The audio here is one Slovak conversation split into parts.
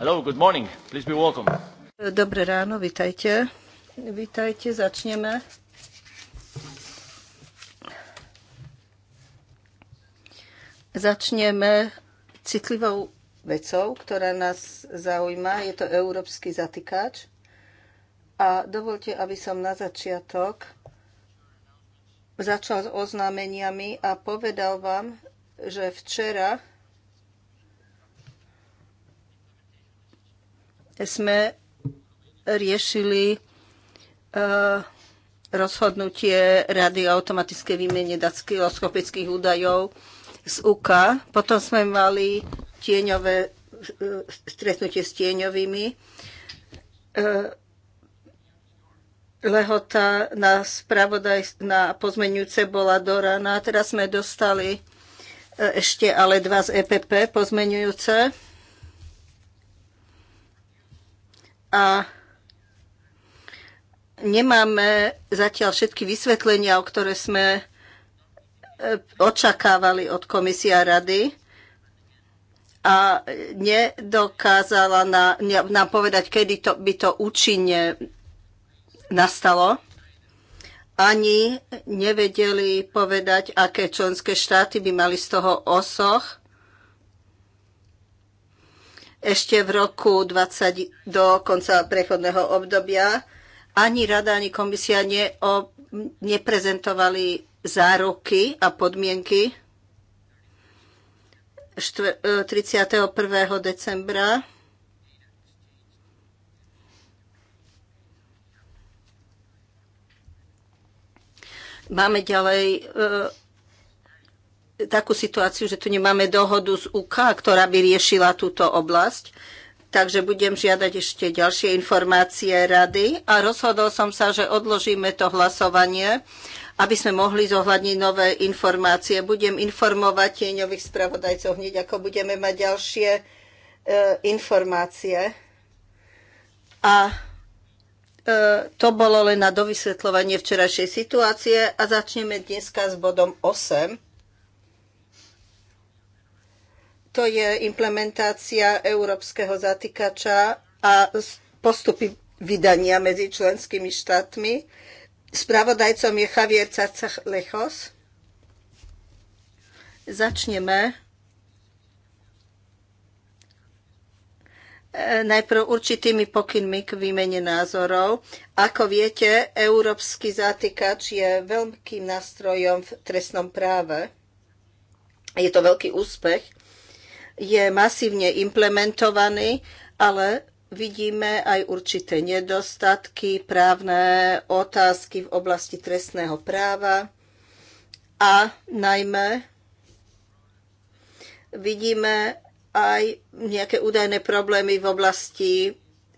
¿no? Dobré ráno, vitajte. Vitajte, začneme. Začneme citlivou vecou, ktorá nás zaujíma. Je to európsky zatýkač. A dovolte, aby som na začiatok začal s oznámeniami a povedal vám, že včera sme riešili e, rozhodnutie Rady o automatickej výmene dat údajov z UK. Potom sme mali tieňové e, stretnutie s tieňovými e, lehota na, spravodaj, na pozmenujúce bola do rána. Teraz sme dostali e, ešte ale dva z EPP pozmenujúce. A nemáme zatiaľ všetky vysvetlenia, o ktoré sme e, očakávali od komisia rady a nedokázala nám, nám povedať, kedy to, by to účinne nastalo, ani nevedeli povedať, aké členské štáty by mali z toho osoch. Ešte v roku 20 do konca prechodného obdobia ani rada, ani komisia neo, neprezentovali záruky a podmienky 31. E, decembra Máme ďalej e, takú situáciu, že tu nemáme dohodu z UK, ktorá by riešila túto oblasť. Takže budem žiadať ešte ďalšie informácie rady a rozhodol som sa, že odložíme to hlasovanie, aby sme mohli zohľadniť nové informácie. Budem informovať tieňových spravodajcov hneď, ako budeme mať ďalšie e, informácie. A E, to bolo len na dovysvetľovanie včerajšej situácie a začneme dneska s bodom 8. To je implementácia európskeho zatýkača a postupy vydania medzi členskými štátmi. Spravodajcom je Javier Cacach Lechos. Začneme E, najprv určitými pokynmi k výmene názorov. Ako viete, európsky zatýkač je veľkým nástrojom v trestnom práve. Je to veľký úspech. Je masívne implementovaný, ale vidíme aj určité nedostatky, právne otázky v oblasti trestného práva a najmä vidíme aj nejaké údajné problémy v oblasti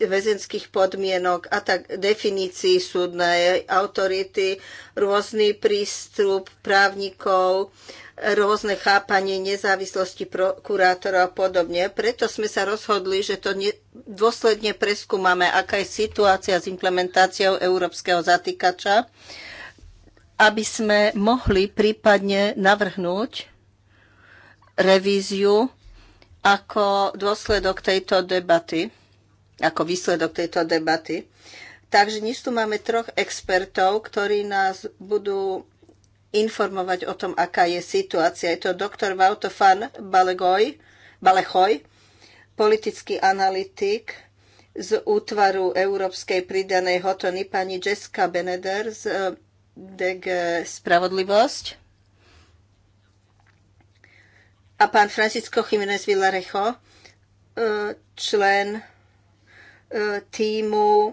väzenských podmienok a tak definícií súdnej autority, rôzny prístup právnikov, rôzne chápanie nezávislosti prokurátora a podobne. Preto sme sa rozhodli, že to ne, dôsledne preskúmame, aká je situácia s implementáciou európskeho zatýkača, aby sme mohli prípadne navrhnúť revíziu ako dôsledok tejto debaty, ako výsledok tejto debaty. Takže dnes tu máme troch expertov, ktorí nás budú informovať o tom, aká je situácia. Je to doktor Vautofan Balegoj, Balechoj, politický analytik z útvaru Európskej pridanej hotony, pani Jessica Beneder z eh, DG Spravodlivosť a pán Francisco Jiménez Villarejo, e, člen e, týmu e,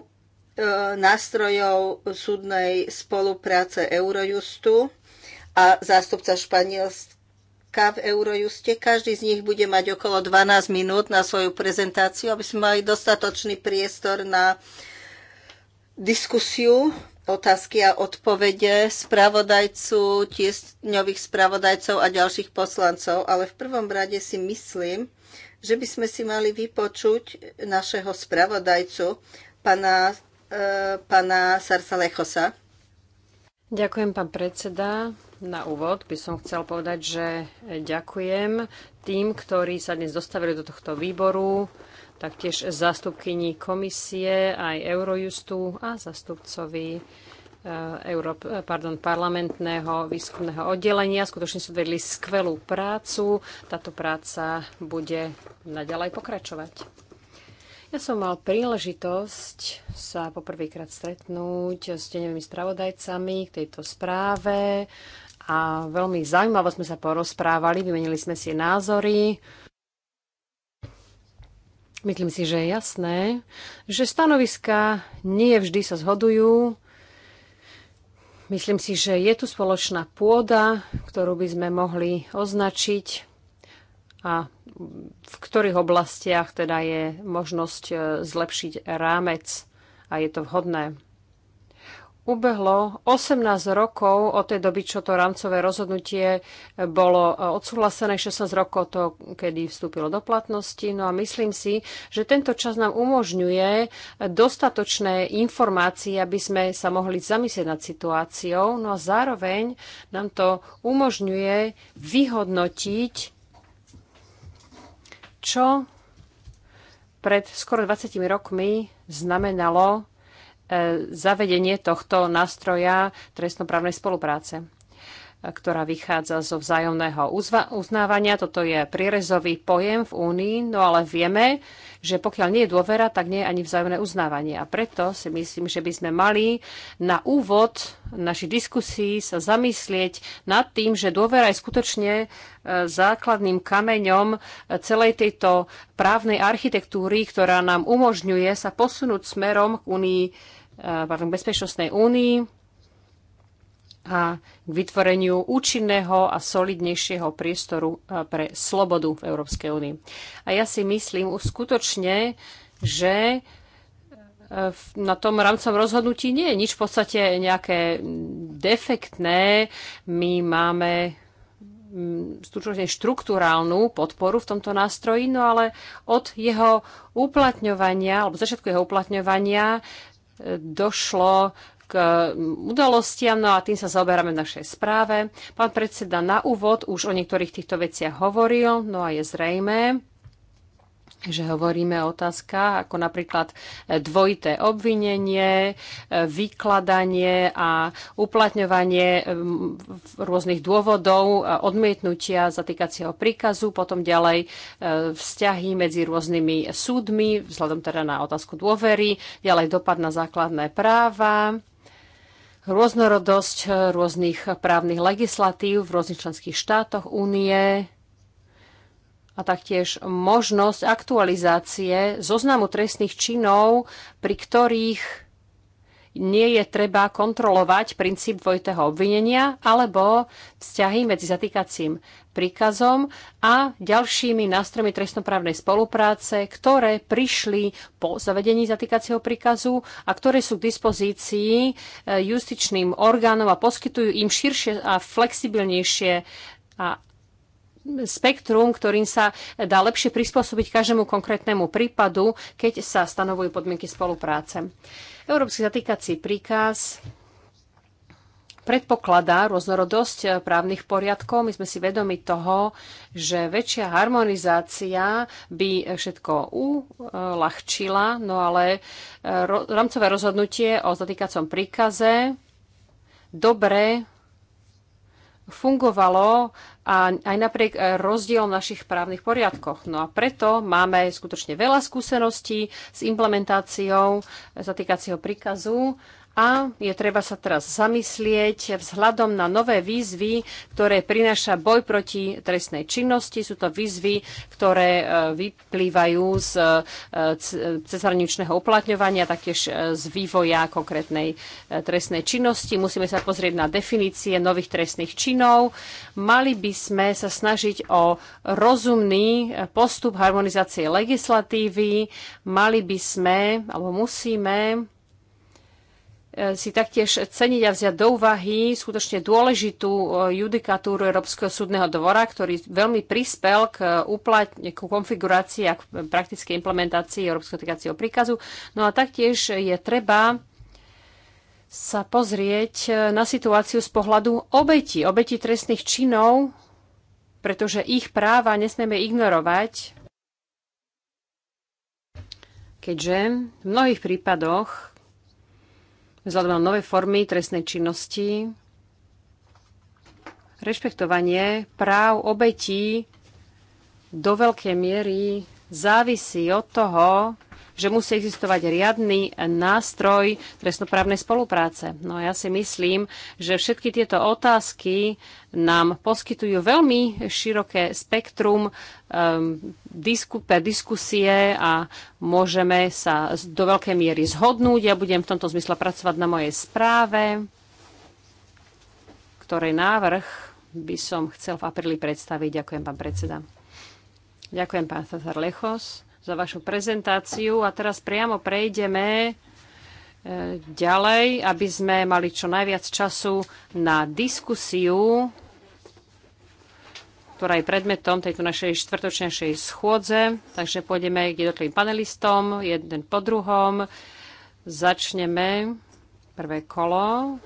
nástrojov súdnej spolupráce Eurojustu a zástupca Španielska v Eurojuste. Každý z nich bude mať okolo 12 minút na svoju prezentáciu, aby sme mali dostatočný priestor na diskusiu otázky a odpovede spravodajcu, tieňových spravodajcov a ďalších poslancov, ale v prvom rade si myslím, že by sme si mali vypočuť našeho spravodajcu, pana, e, pana Lechosa. Ďakujem, pán predseda. Na úvod by som chcel povedať, že ďakujem tým, ktorí sa dnes dostavili do tohto výboru taktiež zástupkyni komisie, aj Eurojustu a zástupcovi e, pardon, parlamentného výskumného oddelenia. Skutočne sú vedli skvelú prácu. Táto práca bude naďalej pokračovať. Ja som mal príležitosť sa poprvýkrát stretnúť s tenevými spravodajcami k tejto správe a veľmi zaujímavo sme sa porozprávali, vymenili sme si názory. Myslím si, že je jasné, že stanoviska nie vždy sa zhodujú. Myslím si, že je tu spoločná pôda, ktorú by sme mohli označiť a v ktorých oblastiach teda je možnosť e, zlepšiť rámec a je to vhodné ubehlo 18 rokov od tej doby, čo to rámcové rozhodnutie bolo e, odsúhlasené, 16 rokov to, kedy vstúpilo do platnosti. No a myslím si, že tento čas nám umožňuje dostatočné informácie, aby sme sa mohli zamyslieť nad situáciou. No a zároveň nám to umožňuje vyhodnotiť, čo pred skoro 20 rokmi znamenalo E, zavedenie tohto nástroja trestnoprávnej spolupráce ktorá vychádza zo vzájomného uznávania. Toto je prierezový pojem v Únii, no ale vieme, že pokiaľ nie je dôvera, tak nie je ani vzájomné uznávanie. A preto si myslím, že by sme mali na úvod našich diskusí sa zamyslieť nad tým, že dôvera je skutočne e, základným kameňom e, celej tejto právnej architektúry, ktorá nám umožňuje sa posunúť smerom k únii, e, k bezpečnostnej únii, a k vytvoreniu účinného a solidnejšieho priestoru pre slobodu v Európskej únii. A ja si myslím skutočne, že e, na tom rámcom rozhodnutí nie je nič v podstate nejaké defektné. My máme mm, skutočne štruktúrálnu podporu v tomto nástroji, no ale od jeho uplatňovania, alebo začiatku jeho uplatňovania e, došlo k mm, udalostiam, no a tým sa zaoberáme v našej správe. Pán predseda na úvod už o niektorých týchto veciach hovoril, no a je zrejme, že hovoríme o otázkach ako napríklad e, dvojité obvinenie, e, vykladanie a uplatňovanie e, rôznych dôvodov odmietnutia zatýkacieho príkazu, potom ďalej vzťahy medzi rôznymi súdmi, vzhľadom teda na otázku dôvery, ďalej dopad na základné práva, rôznorodosť eh, rôznych právnych legislatív v rôznych členských štátoch únie a taktiež možnosť aktualizácie zoznamu trestných činov, pri ktorých nie je treba kontrolovať princíp dvojitého obvinenia alebo vzťahy medzi zatýkacím príkazom a ďalšími nástrojmi trestnoprávnej spolupráce, ktoré prišli po zavedení zatýkacieho príkazu a ktoré sú k dispozícii e, justičným orgánom a poskytujú im širšie a flexibilnejšie a spektrum, ktorým sa dá lepšie prispôsobiť každému konkrétnemu prípadu, keď sa stanovujú podmienky spolupráce. Európsky zatýkací príkaz predpokladá rôznorodosť právnych poriadkov. My sme si vedomi toho, že väčšia harmonizácia by všetko uľahčila, no ale rámcové rozhodnutie o zatýkacom príkaze dobre fungovalo a aj napriek e, rozdielom našich právnych poriadkoch. No a preto máme skutočne veľa skúseností s implementáciou e, zatýkacieho príkazu a je treba sa teraz zamyslieť vzhľadom na nové výzvy, ktoré prináša boj proti trestnej činnosti. Sú to výzvy, ktoré e, vyplývajú z e, cezhraničného uplatňovania, taktiež e, z vývoja konkrétnej trestnej činnosti. Musíme sa pozrieť na definície nových trestných činov. Mali by sme sa snažiť o rozumný postup harmonizácie legislatívy. Mali by sme, alebo musíme, E, si taktiež ceniť a vziať do úvahy skutočne dôležitú e, judikatúru Európskeho súdneho dvora, ktorý veľmi prispel k, e, uplatne, k konfigurácii a k praktickej implementácii Európskeho týkacieho príkazu. No a taktiež je treba sa pozrieť na situáciu z pohľadu obetí, obetí trestných činov, pretože ich práva nesmieme ignorovať, keďže v mnohých prípadoch vzhľadom na nové formy trestnej činnosti, rešpektovanie práv obetí do veľkej miery závisí od toho, že musí existovať riadny nástroj trestnoprávnej spolupráce. No ja si myslím, že všetky tieto otázky nám poskytujú veľmi široké spektrum um, diskusie a môžeme sa do veľkej miery zhodnúť. Ja budem v tomto zmysle pracovať na mojej správe, ktorej návrh by som chcel v apríli predstaviť. Ďakujem, pán predseda. Ďakujem, pán Cezar Lechos za vašu prezentáciu. A teraz priamo prejdeme e, ďalej, aby sme mali čo najviac času na diskusiu, ktorá je predmetom tejto našej štvrtočnejšej schôdze. Takže pôjdeme k jednotlivým panelistom, jeden po druhom. Začneme prvé kolo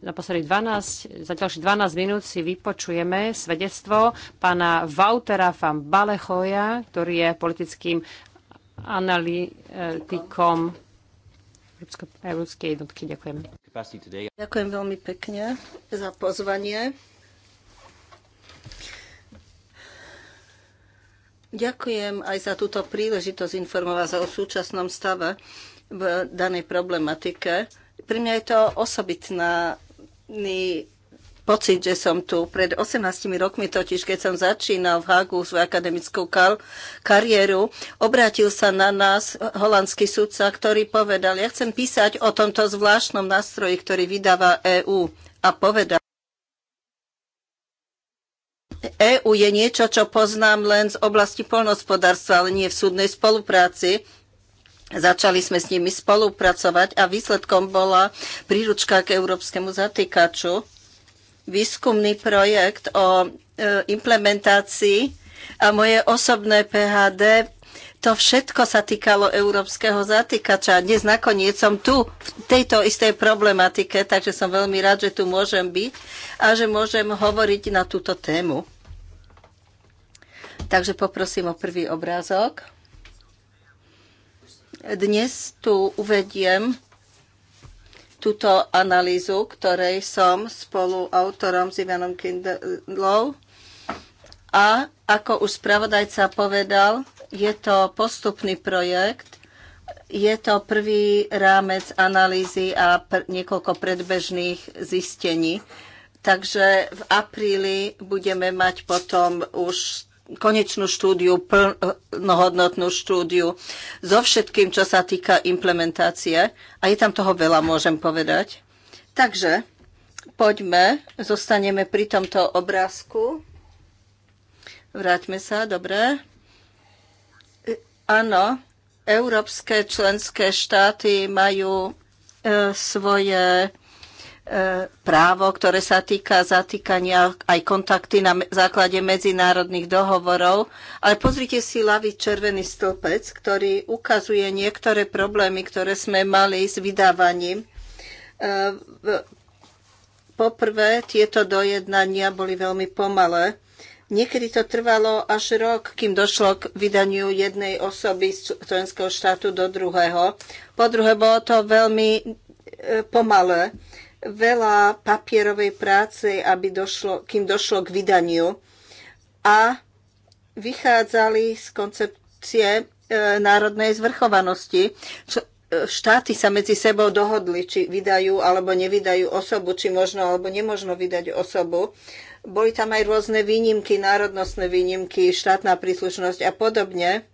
na posledných 12, za ďalších 12 minút si vypočujeme svedectvo pána Vautera van Balechoja, ktorý je politickým analytikom Európskej jednotky. Ďakujem. Ďakujem veľmi pekne za pozvanie. Ďakujem aj za túto príležitosť informovať o súčasnom stave v danej problematike. Pre mňa je to osobitná zvláštny pocit, že som tu. Pred 18 rokmi totiž, keď som začínal v Hagu svoju akademickú kar- kariéru, obrátil sa na nás holandský sudca, ktorý povedal, ja chcem písať o tomto zvláštnom nástroji, ktorý vydáva EÚ. A povedal, EÚ je niečo, čo poznám len z oblasti polnospodárstva, ale nie v súdnej spolupráci. Začali sme s nimi spolupracovať a výsledkom bola príručka k európskemu zatýkaču, výskumný projekt o e, implementácii a moje osobné PHD. To všetko sa týkalo európskeho zatýkača. Dnes nakoniec som tu v tejto istej problematike, takže som veľmi rád, že tu môžem byť a že môžem hovoriť na túto tému. Takže poprosím o prvý obrázok. Dnes tu uvediem túto analýzu, ktorej som spoluautorom s Ivanom Kindlou. A ako už spravodajca povedal, je to postupný projekt, je to prvý rámec analýzy a pr- niekoľko predbežných zistení. Takže v apríli budeme mať potom už konečnú štúdiu, plnohodnotnú štúdiu so všetkým, čo sa týka implementácie. A je tam toho veľa, môžem povedať. Takže poďme, zostaneme pri tomto obrázku. Vráťme sa, dobre. Áno, európske členské štáty majú e, svoje právo, ktoré sa týka zatýkania aj kontakty na základe medzinárodných dohovorov. Ale pozrite si ľavý červený stĺpec, ktorý ukazuje niektoré problémy, ktoré sme mali s vydávaním. E, poprvé, tieto dojednania boli veľmi pomalé. Niekedy to trvalo až rok, kým došlo k vydaniu jednej osoby z členského štátu do druhého. Po druhé, bolo to veľmi e, pomalé veľa papierovej práce, aby došlo, kým došlo k vydaniu. A vychádzali z koncepcie e, národnej zvrchovanosti. Čo, e, štáty sa medzi sebou dohodli, či vydajú alebo nevydajú osobu, či možno alebo nemožno vydať osobu. Boli tam aj rôzne výnimky, národnostné výnimky, štátna príslušnosť a podobne.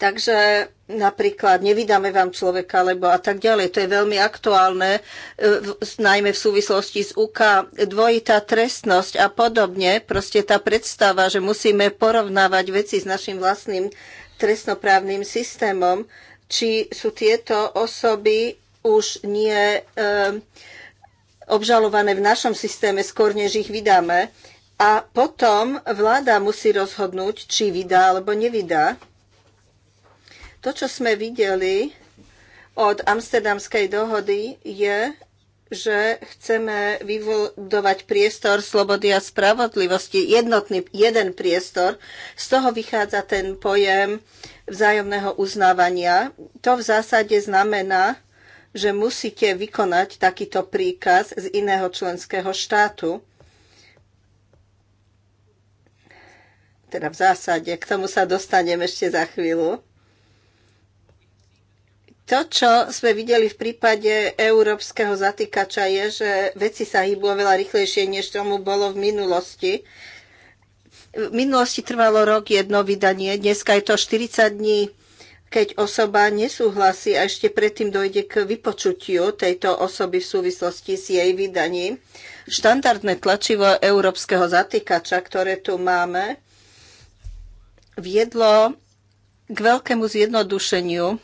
Takže napríklad nevydáme vám človeka, lebo a tak ďalej. To je veľmi aktuálne, e, najmä v súvislosti s UK, dvojitá trestnosť a podobne. Proste tá predstava, že musíme porovnávať veci s našim vlastným trestnoprávnym systémom, či sú tieto osoby už nie e, obžalované v našom systéme skôr, než ich vydáme. A potom vláda musí rozhodnúť, či vydá alebo nevydá. To, čo sme videli od Amsterdamskej dohody, je, že chceme vyvodovať priestor slobody a spravodlivosti, jednotný, jeden priestor. Z toho vychádza ten pojem vzájomného uznávania. To v zásade znamená, že musíte vykonať takýto príkaz z iného členského štátu. Teda v zásade, k tomu sa dostanem ešte za chvíľu. To, čo sme videli v prípade európskeho zatýkača, je, že veci sa hýbu oveľa rýchlejšie, než tomu bolo v minulosti. V minulosti trvalo rok jedno vydanie, dneska je to 40 dní, keď osoba nesúhlasí a ešte predtým dojde k vypočutiu tejto osoby v súvislosti s jej vydaním. Štandardné tlačivo európskeho zatýkača, ktoré tu máme, viedlo k veľkému zjednodušeniu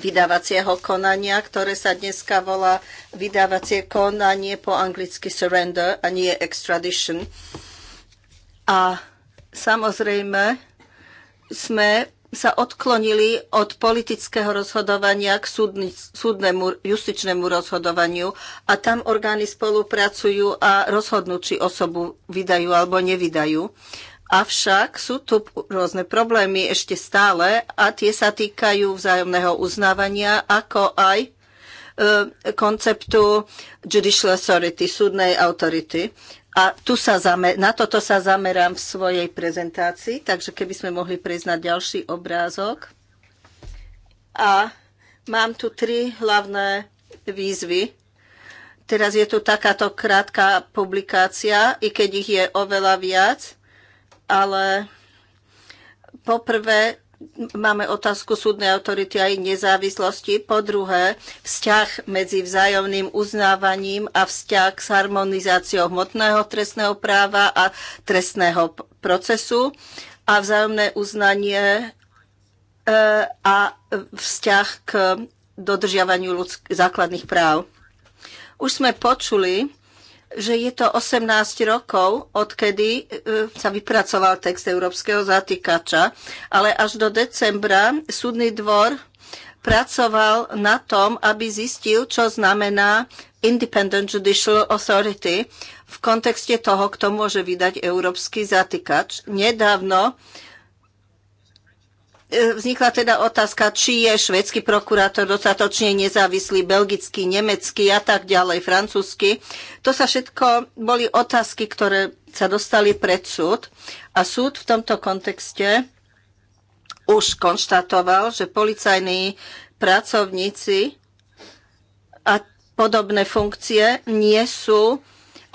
vydávacieho konania, ktoré sa dneska volá vydávacie konanie po anglicky surrender a nie extradition. A samozrejme sme sa odklonili od politického rozhodovania k súdny, súdnemu, justičnému rozhodovaniu a tam orgány spolupracujú a rozhodnú, či osobu vydajú alebo nevydajú. Avšak sú tu rôzne problémy ešte stále a tie sa týkajú vzájomného uznávania, ako aj e, konceptu judicial authority, súdnej autority. A tu sa zame- na toto sa zamerám v svojej prezentácii, takže keby sme mohli prejsť na ďalší obrázok. A mám tu tri hlavné výzvy, Teraz je tu takáto krátka publikácia, i keď ich je oveľa viac ale poprvé máme otázku súdnej autority a nezávislosti. Po druhé, vzťah medzi vzájomným uznávaním a vzťah s harmonizáciou hmotného trestného práva a trestného procesu a vzájomné uznanie e, a vzťah k dodržiavaniu ľudsk- základných práv. Už sme počuli, že je to 18 rokov, odkedy e, sa vypracoval text európskeho zatýkača, ale až do decembra súdny dvor pracoval na tom, aby zistil, čo znamená Independent Judicial Authority v kontexte toho, kto môže vydať európsky zatýkač. Nedávno E, vznikla teda otázka, či je švedský prokurátor dostatočne nezávislý, belgický, nemecký a tak ďalej, francúzsky. To sa všetko boli otázky, ktoré sa dostali pred súd a súd v tomto kontexte už konštatoval, že policajní pracovníci a podobné funkcie nie sú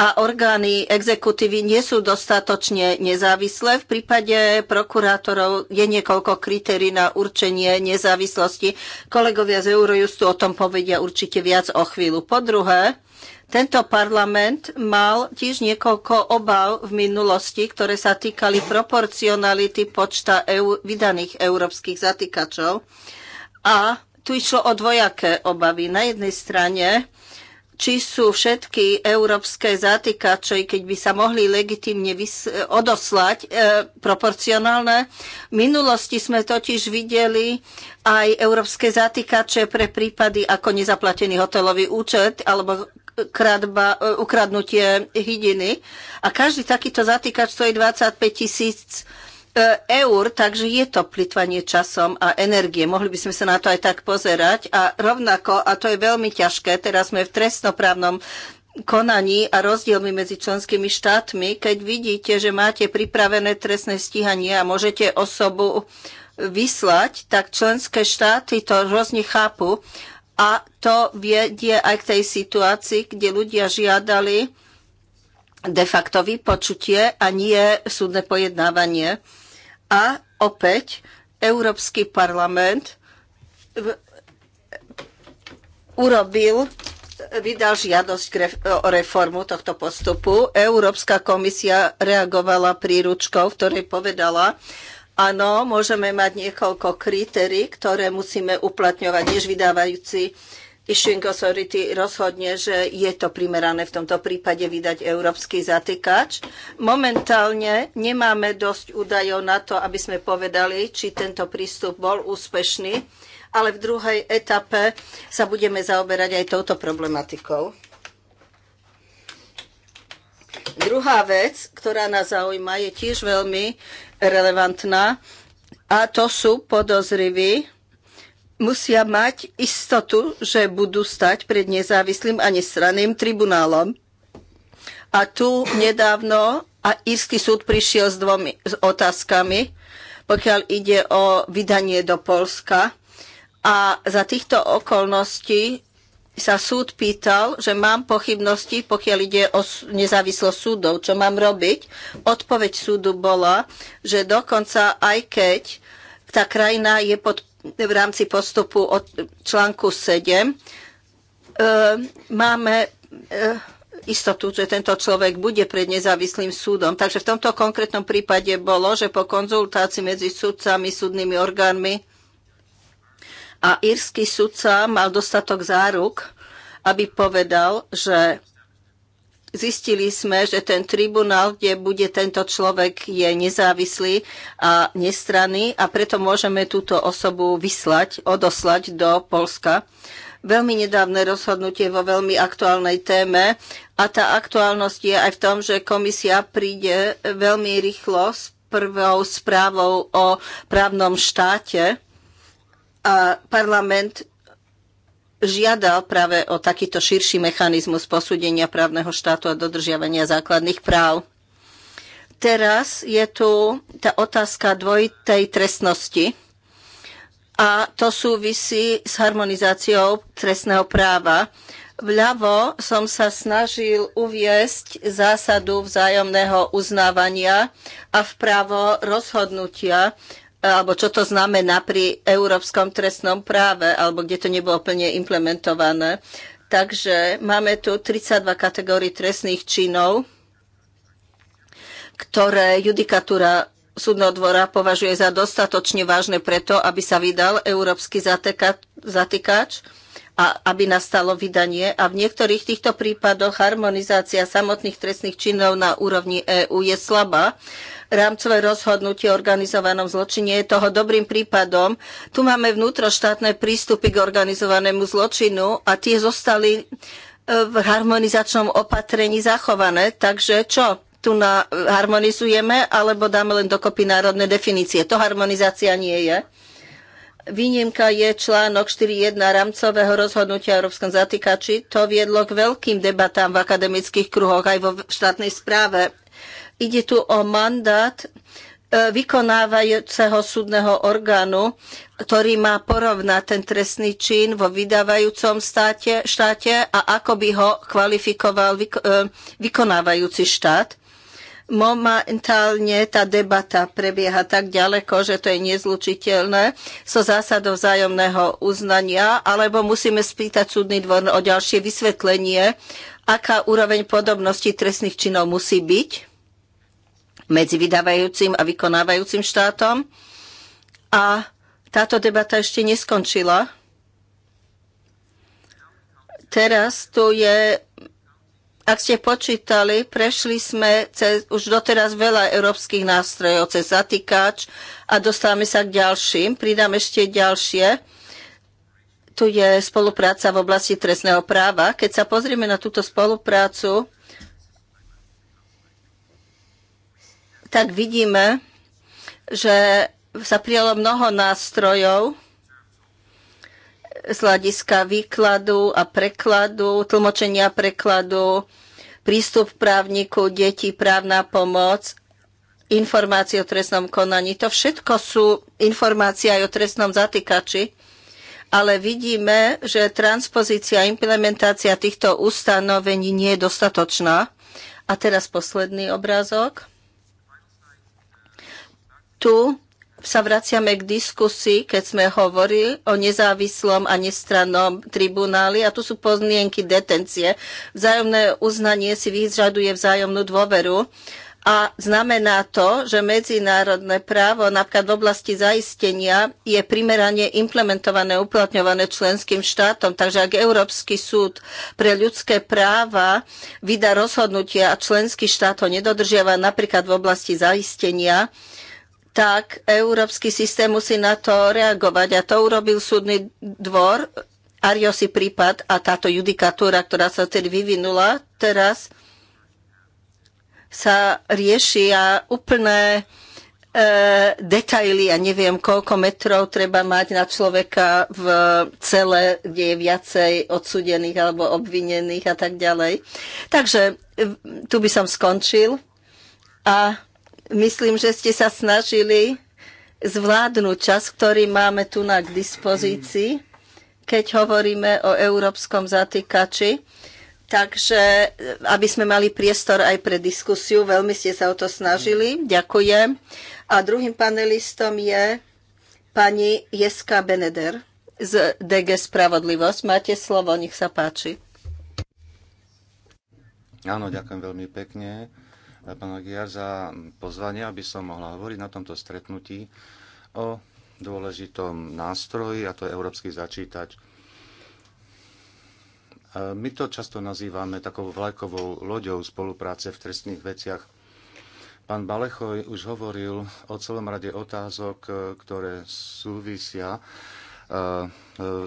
a orgány exekutívy nie sú dostatočne nezávislé. V prípade prokurátorov je niekoľko kritérií na určenie nezávislosti. Kolegovia z Eurojustu o tom povedia určite viac o chvíľu. Po druhé, tento parlament mal tiež niekoľko obav v minulosti, ktoré sa týkali proporcionality počta EU, vydaných európskych zatýkačov. A tu išlo o dvojaké obavy. Na jednej strane či sú všetky európske zatýkače, keď by sa mohli legitimne odoslať, e, proporcionálne. V minulosti sme totiž videli aj európske zatýkače pre prípady ako nezaplatený hotelový účet alebo kradba, e, ukradnutie hydiny. A každý takýto zatýkač stojí 25 tisíc 000 E, eur, takže je to plitvanie časom a energie. Mohli by sme sa na to aj tak pozerať. A rovnako, a to je veľmi ťažké, teraz sme v trestnoprávnom konaní a rozdielmi medzi členskými štátmi, keď vidíte, že máte pripravené trestné stíhanie a môžete osobu vyslať, tak členské štáty to rôzne chápu a to vedie aj k tej situácii, kde ľudia žiadali de facto vypočutie a nie súdne pojednávanie. A opäť Európsky parlament v, urobil vydal žiadosť o reformu tohto postupu. Európska komisia reagovala príručkou, v ktorej povedala, áno, môžeme mať niekoľko kritérií, ktoré musíme uplatňovať, než vydávajúci Issuing Authority rozhodne, že je to primerané v tomto prípade vydať európsky zatýkač. Momentálne nemáme dosť údajov na to, aby sme povedali, či tento prístup bol úspešný, ale v druhej etape sa budeme zaoberať aj touto problematikou. Druhá vec, ktorá nás zaujíma, je tiež veľmi relevantná a to sú podozriví musia mať istotu, že budú stať pred nezávislým a nestraným tribunálom. A tu nedávno a írsky súd prišiel s dvomi s otázkami, pokiaľ ide o vydanie do Polska. A za týchto okolností sa súd pýtal, že mám pochybnosti, pokiaľ ide o nezávislosť súdov, čo mám robiť. Odpoveď súdu bola, že dokonca aj keď tá krajina je pod v rámci postupu od článku 7 e, máme e, istotu, že tento človek bude pred nezávislým súdom. Takže v tomto konkrétnom prípade bolo, že po konzultácii medzi sudcami, súdnymi orgánmi a írsky sudca mal dostatok záruk, aby povedal, že Zistili sme, že ten tribunál, kde bude tento človek, je nezávislý a nestranný a preto môžeme túto osobu vyslať, odoslať do Polska. Veľmi nedávne rozhodnutie vo veľmi aktuálnej téme a tá aktuálnosť je aj v tom, že komisia príde veľmi rýchlo s prvou správou o právnom štáte a parlament žiadal práve o takýto širší mechanizmus posúdenia právneho štátu a dodržiavania základných práv. Teraz je tu tá otázka dvojitej trestnosti. A to súvisí s harmonizáciou trestného práva. Vľavo som sa snažil uviesť zásadu vzájomného uznávania a vpravo rozhodnutia, alebo čo to znamená pri európskom trestnom práve, alebo kde to nebolo plne implementované. Takže máme tu 32 kategórií trestných činov, ktoré judikatúra súdneho dvora považuje za dostatočne vážne preto, aby sa vydal európsky zatýkač a aby nastalo vydanie. A v niektorých týchto prípadoch harmonizácia samotných trestných činov na úrovni EÚ je slabá, rámcové rozhodnutie o organizovanom zločine je toho dobrým prípadom. Tu máme vnútroštátne prístupy k organizovanému zločinu a tie zostali e, v harmonizačnom opatrení zachované. Takže čo? Tu na, harmonizujeme alebo dáme len dokopy národné definície. To harmonizácia nie je. Výnimka je článok 4.1 rámcového rozhodnutia o európskom zatýkači. To viedlo k veľkým debatám v akademických kruhoch aj vo štátnej správe Ide tu o mandát e, vykonávajúceho súdneho orgánu, ktorý má porovnať ten trestný čin vo vydávajúcom státe, štáte a ako by ho kvalifikoval e, vykonávajúci štát. Momentálne tá debata prebieha tak ďaleko, že to je nezlučiteľné so zásadou vzájomného uznania, alebo musíme spýtať súdny dvor o ďalšie vysvetlenie, aká úroveň podobnosti trestných činov musí byť medzi vydávajúcim a vykonávajúcim štátom. A táto debata ešte neskončila. Teraz tu je, ak ste počítali, prešli sme cez, už doteraz veľa európskych nástrojov, cez zatýkač a dostávame sa k ďalším. Pridám ešte ďalšie tu je spolupráca v oblasti trestného práva. Keď sa pozrieme na túto spoluprácu, tak vidíme, že sa prijalo mnoho nástrojov z hľadiska výkladu a prekladu, tlmočenia prekladu, prístup právniku, deti, právna pomoc, informácie o trestnom konaní. To všetko sú informácie aj o trestnom zatýkači ale vidíme, že transpozícia a implementácia týchto ustanovení nie je dostatočná. A teraz posledný obrázok. Tu sa vraciame k diskusii, keď sme hovorili o nezávislom a nestrannom tribunáli a tu sú podmienky detencie. Vzájomné uznanie si vyžaduje vzájomnú dôveru a znamená to, že medzinárodné právo napríklad v oblasti zaistenia je primerane implementované, uplatňované členským štátom. Takže ak Európsky súd pre ľudské práva vydá rozhodnutie a členský štát ho nedodržiava napríklad v oblasti zaistenia, tak európsky systém musí na to reagovať. A to urobil súdny dvor, Ariosi prípad a táto judikatúra, ktorá sa tedy vyvinula, teraz sa rieši a úplné e, detaily a ja neviem, koľko metrov treba mať na človeka v cele, kde je viacej odsudených alebo obvinených a tak ďalej. Takže e, tu by som skončil a Myslím, že ste sa snažili zvládnuť čas, ktorý máme tu na k dispozícii, keď hovoríme o európskom zatýkači. Takže, eh, aby sme mali priestor aj pre diskusiu, veľmi ste sa o to snažili. Ďakujem. A druhým panelistom je pani Jeska Beneder z DG Spravodlivosť. Máte slovo, nech sa páči. Áno, ďakujem veľmi pekne. E, pán Gia za pozvanie, aby som mohla hovoriť na tomto stretnutí o dôležitom nástroji, a to je európsky začítač. E, my to často nazývame takou vlajkovou loďou spolupráce v trestných veciach. Pán Balechoj už hovoril o celom rade otázok, e, ktoré súvisia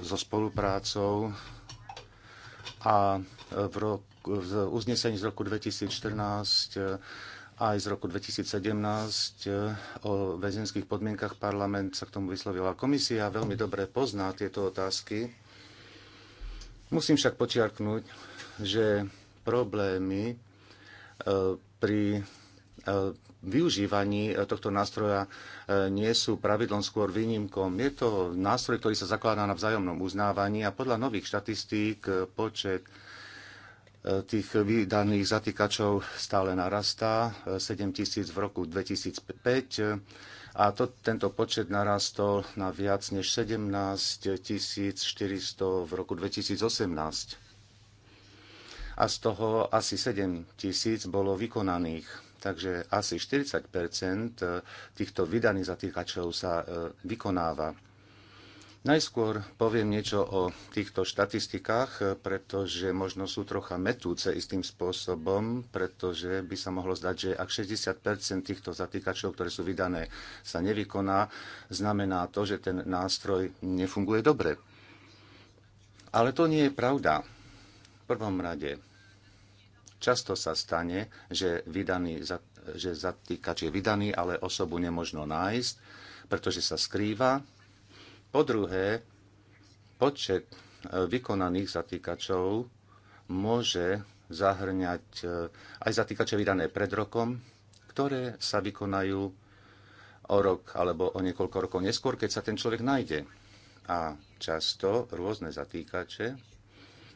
so spoluprácou a e, v, roku, v uznesení z roku 2014 e, aj z roku 2017 e, o väzenských podmienkach parlament sa k tomu vyslovila. Komisia veľmi dobre pozná tieto otázky. Musím však počiarknúť, že problémy pri využívaní e, tohto nástroja e, nie sú pravidlom, skôr výnimkom. Je to nástroj, ktorý sa zakladá na vzájomnom uznávaní a podľa nových štatistík e, počet tých vydaných zatýkačov stále narastá, 7 tisíc v roku 2005 a to, tento počet narastol na viac než 17 400 v roku 2018 a z toho asi 7 tisíc bolo vykonaných Takže asi 40 e, týchto vydaných zatýkačov sa e, vykonáva. Najskôr poviem niečo o týchto štatistikách, e, pretože možno sú trocha metúce istým spôsobom, pretože by sa mohlo zdať, že ak 60 týchto zatýkačov, ktoré sú vydané, sa nevykoná, znamená to, že ten nástroj nefunguje dobre. Ale to nie je pravda. V prvom rade Často sa stane, že, vydaný, že zatýkač je vydaný, ale osobu nemožno nájsť, pretože sa skrýva. Po druhé, počet e, vykonaných zatýkačov môže zahrňať e, aj zatýkače vydané pred rokom, ktoré sa vykonajú o rok alebo o niekoľko rokov neskôr, keď sa ten človek nájde. A často rôzne zatýkače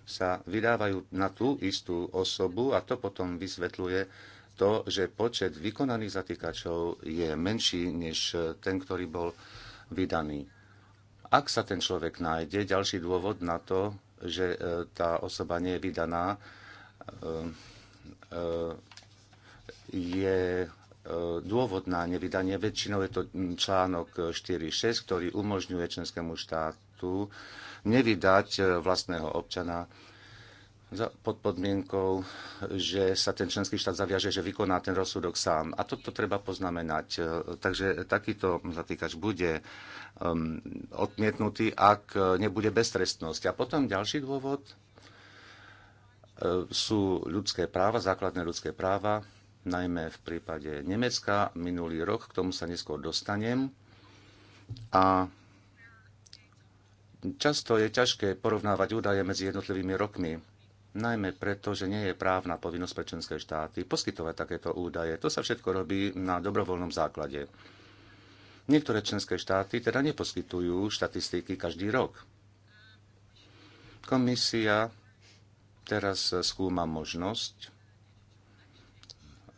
sa vydávajú na tú istú osobu a to potom vysvetľuje to, že počet vykonaných zatýkačov je menší než ten, ktorý bol vydaný. Ak sa ten človek nájde, ďalší dôvod na to, že e, tá osoba nie je vydaná, e, e, je dôvod na nevydanie. Väčšinou je to článok 4.6, ktorý umožňuje členskému štátu nevydať e, vlastného občana pod podmienkou, že sa ten členský štát zaviaže, že vykoná ten rozsudok sám. A toto treba poznamenať. E, takže takýto zatýkač bude um, odmietnutý, ak e, nebude beztrestnosť. A potom ďalší dôvod sú ľudské práva, základné ľudské práva, najmä v prípade Nemecka minulý rok, k tomu sa neskôr dostanem. A Často je ťažké porovnávať údaje medzi jednotlivými rokmi, najmä preto, že nie je právna povinnosť pre členské štáty poskytovať takéto údaje. To sa všetko robí na dobrovoľnom základe. Niektoré členské štáty teda neposkytujú štatistiky každý rok. Komisia teraz skúma možnosť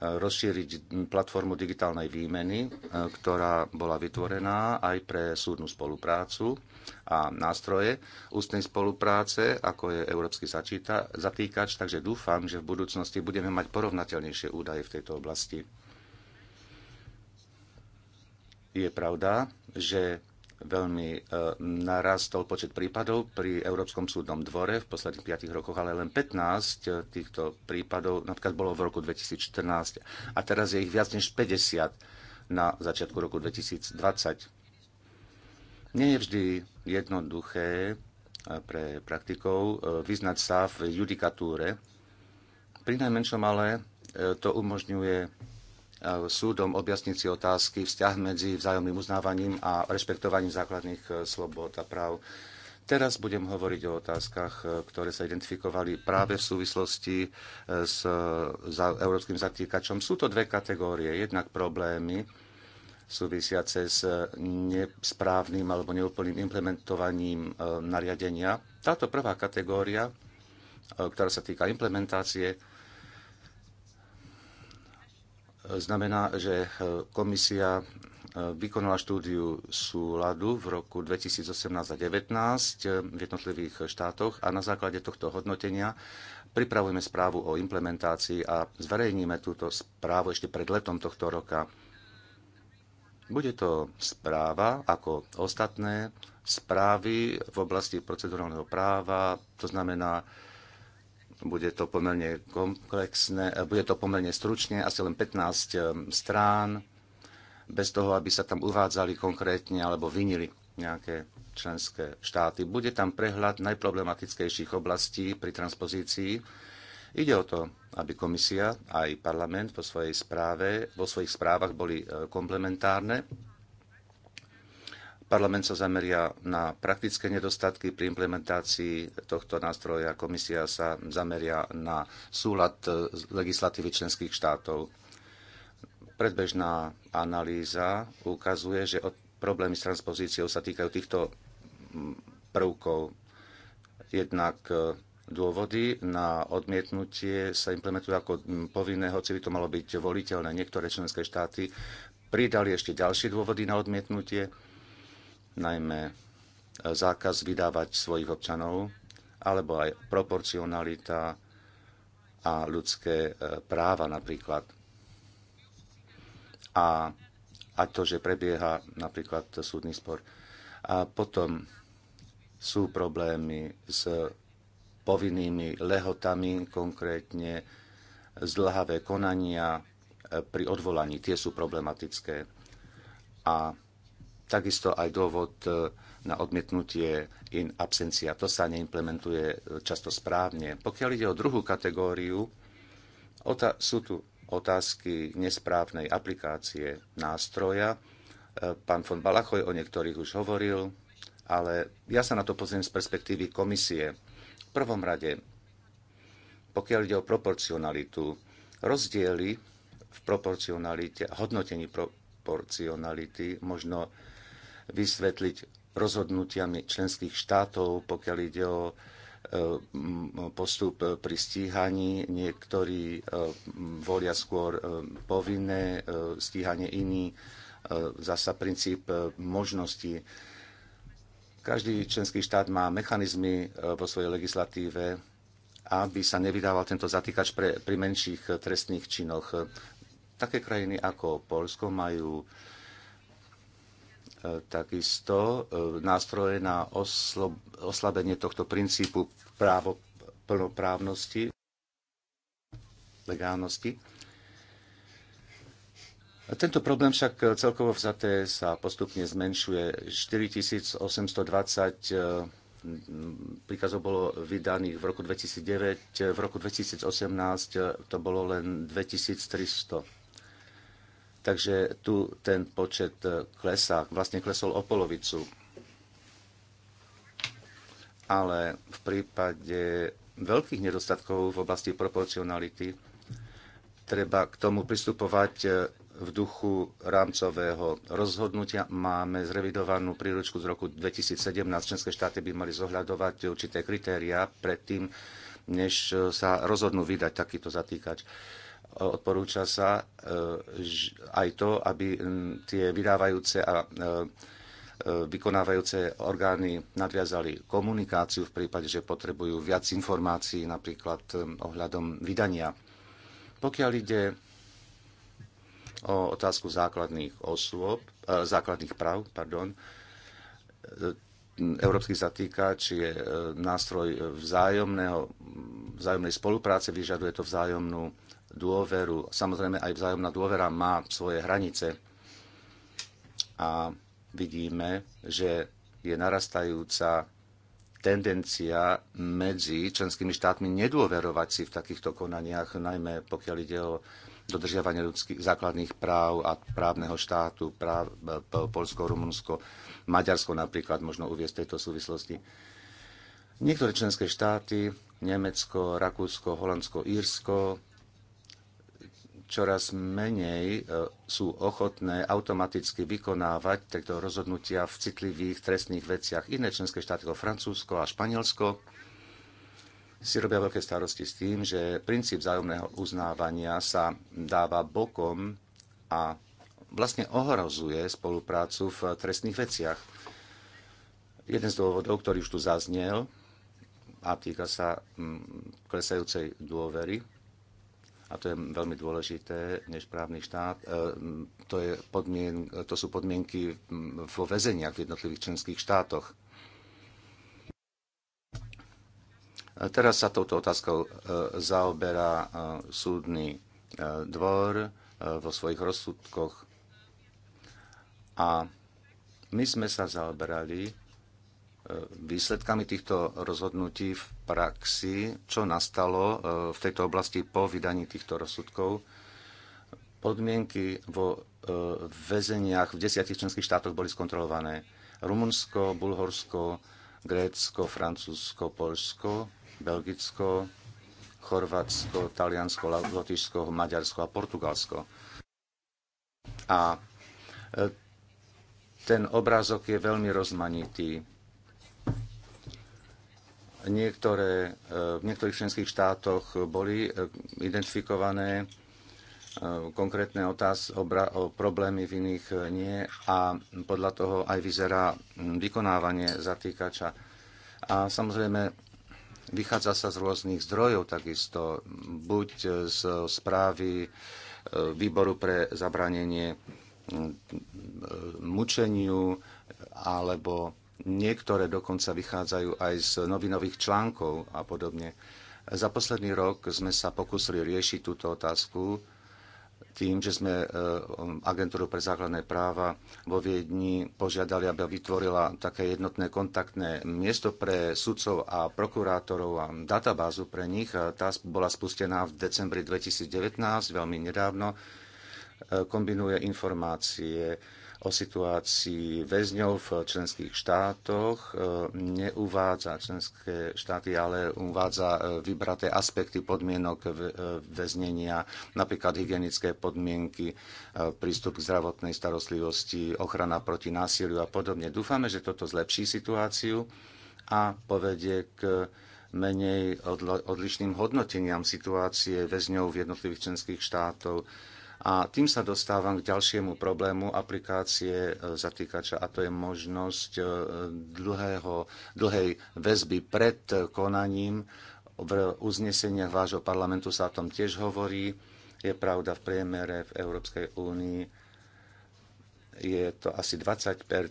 rozšíriť platformu digitálnej výmeny, e, ktorá bola vytvorená aj pre súdnu spoluprácu a nástroje ústnej spolupráce, ako je Európsky začíta, zatýkač, takže dúfam, že v budúcnosti budeme mať porovnateľnejšie údaje v tejto oblasti. Je pravda, že veľmi e, narastol počet prípadov pri Európskom súdnom dvore v posledných 5 rokoch, ale len 15 e, týchto prípadov napríklad bolo v roku 2014 a teraz je ich viac než 50 na začiatku roku 2020. Nie je vždy jednoduché e, pre praktikov vyznať sa v judikatúre. Pri najmenšom ale to umožňuje Eh, súdom objasniť si otázky, vzťah medzi vzájomným uznávaním a rešpektovaním základných eh, slobod a práv. Teraz budem hovoriť o otázkach, eh, ktoré sa identifikovali práve v súvislosti s za, európskym zatýkačom. Sú to dve kategórie. Jednak problémy súvisiace s nesprávnym alebo neúplným implementovaním nariadenia. Táto prvá kategória, ktorá sa týka implementácie, znamená, že e, komisia e, vykonala štúdiu súladu v roku 2018 a 2019 e, v jednotlivých štátoch a na základe tohto hodnotenia pripravujeme správu o implementácii a zverejníme túto správu ešte pred letom tohto roka. Bude to správa ako ostatné správy v oblasti procedurálneho práva, to znamená bude to pomerne komplexné, eh, bude to pomerne stručne, asi len 15 eh, strán, bez toho, aby sa tam uvádzali konkrétne alebo vinili nejaké členské štáty. Bude tam prehľad najproblematickejších oblastí pri transpozícii. Ide o to, aby komisia aj parlament vo, svojej správe, vo svojich správach boli eh, komplementárne Parlament sa zameria na praktické nedostatky pri implementácii tohto nástroja. Komisia sa zameria na súlad e, legislatívy členských štátov. Predbežná analýza ukazuje, že problémy s transpozíciou sa týkajú týchto prvkov. Jednak e, dôvody na odmietnutie sa implementujú ako povinné, hoci by to malo byť voliteľné. Niektoré členské štáty pridali ešte ďalšie dôvody na odmietnutie najmä e, zákaz vydávať svojich občanov, alebo aj proporcionalita a ľudské e, práva napríklad. A, a to, že prebieha napríklad súdny spor. A potom sú problémy s povinnými lehotami, konkrétne zdlhavé konania e, pri odvolaní. Tie sú problematické. A Takisto aj dôvod e, na odmietnutie in absencia. To sa neimplementuje e, často správne. Pokiaľ ide o druhú kategóriu, sú tu otázky nesprávnej aplikácie nástroja. E, pán von Balachoj o niektorých už hovoril, ale ja sa na to pozriem z perspektívy komisie. V prvom rade, pokiaľ ide o proporcionalitu, rozdiely v proporcionalite, hodnotení proporcionality možno vysvetliť rozhodnutiami členských štátov, pokiaľ ide o e, postup pri stíhaní. Niektorí e, volia skôr e, povinné stíhanie, iní zasa princíp možnosti. Každý členský štát má mechanizmy vo svojej legislatíve, aby sa nevydával tento zatýkač pre, pri menších trestných činoch. Také krajiny ako Polsko majú takisto e, nástroje na oslabenie tohto princípu právo, plnoprávnosti, legálnosti. Tento problém však celkovo vzaté sa postupne zmenšuje. 4820 e, príkazov bolo vydaných v roku 2009, e, v roku 2018 to bolo len 2300 Takže tu ten počet e, klesá, vlastne klesol o polovicu. Ale v prípade veľkých nedostatkov v oblasti proporcionality treba k tomu pristupovať e, v duchu rámcového rozhodnutia. Máme zrevidovanú príručku z roku 2017. Členské štáty by mali zohľadovať určité kritériá predtým, než e, sa rozhodnú vydať takýto zatýkač odporúča sa e, aj to, aby tie vydávajúce a e, e, vykonávajúce orgány nadviazali komunikáciu v prípade, že potrebujú viac informácií, napríklad ohľadom vydania. Pokiaľ ide o otázku základných osôb, základných práv, pardon, európsky zatýkač je nástroj vzájomného, vzájomnej spolupráce, vyžaduje to vzájomnú dôveru. Samozrejme, aj vzájomná dôvera má svoje hranice. A vidíme, že je narastajúca tendencia medzi členskými štátmi nedôverovať si v takýchto konaniach, najmä pokiaľ ide o dodržiavanie ľudských základných práv a právneho štátu, práv, Polsko, Rumunsko, Maďarsko napríklad, možno uviezť tejto súvislosti. Niektoré členské štáty, Nemecko, Rakúsko, Holandsko, Írsko, čoraz menej e, sú ochotné automaticky vykonávať tieto rozhodnutia v citlivých trestných veciach. Iné členské štáty ako Francúzsko a Španielsko si robia veľké starosti s tým, že princíp vzájomného uznávania sa dáva bokom a vlastne ohrozuje spoluprácu v trestných veciach. Jeden z dôvodov, ktorý už tu zaznel a týka sa mm, klesajúcej dôvery a to je veľmi dôležité, než právny štát. E, to, je podmien, to sú podmienky mm, vo väzeniach v jednotlivých členských štátoch. E, teraz sa touto otázkou e, zaoberá súdny dvor vo svojich rozsudkoch a my sme sa zaoberali výsledkami týchto rozhodnutí v praxi, čo nastalo e, v tejto oblasti po vydaní týchto rozsudkov. Podmienky vo e, väzeniach v desiatich členských štátoch boli skontrolované. Rumunsko, Bulhorsko, Grécko, Francúzsko, Polsko, Belgicko, Chorvátsko, Taliansko, Lotyšsko, Maďarsko a Portugalsko. A e, ten obrázok je veľmi rozmanitý Niektoré, eh, v niektorých členských štátoch boli eh, identifikované eh, konkrétne otáz, obra, o problémy v iných nie a podľa toho aj vyzerá hm, vykonávanie zatýkača. A samozrejme vychádza sa z rôznych zdrojov takisto, buď z správy výboru pre zabranenie hm, mučeniu alebo Niektoré dokonca vychádzajú aj z novinových článkov a podobne. Za posledný rok sme sa pokúsili riešiť túto otázku tým, že sme e, um, agentúru pre základné práva vo Viedni požiadali, aby vytvorila také jednotné kontaktné miesto pre sudcov a prokurátorov a databázu pre nich. E, tá bola spustená v decembri 2019, veľmi nedávno. E, kombinuje informácie o situácii väzňov v členských štátoch. E, neuvádza členské štáty, ale uvádza e, vybraté aspekty podmienok e, väznenia, napríklad hygienické podmienky, prístup k zdravotnej starostlivosti, ochrana proti násiliu a podobne. Dúfame, že toto zlepší situáciu a povedie k menej odlišným hodnoteniam situácie väzňov v jednotlivých členských štátov a tým sa dostávam k ďalšiemu problému aplikácie e, zatýkača a to je možnosť e, dlhého, dlhej väzby pred konaním. V uzneseniach vášho parlamentu sa o tom tiež hovorí. Je pravda, v priemere v Európskej únii je to asi 20 e,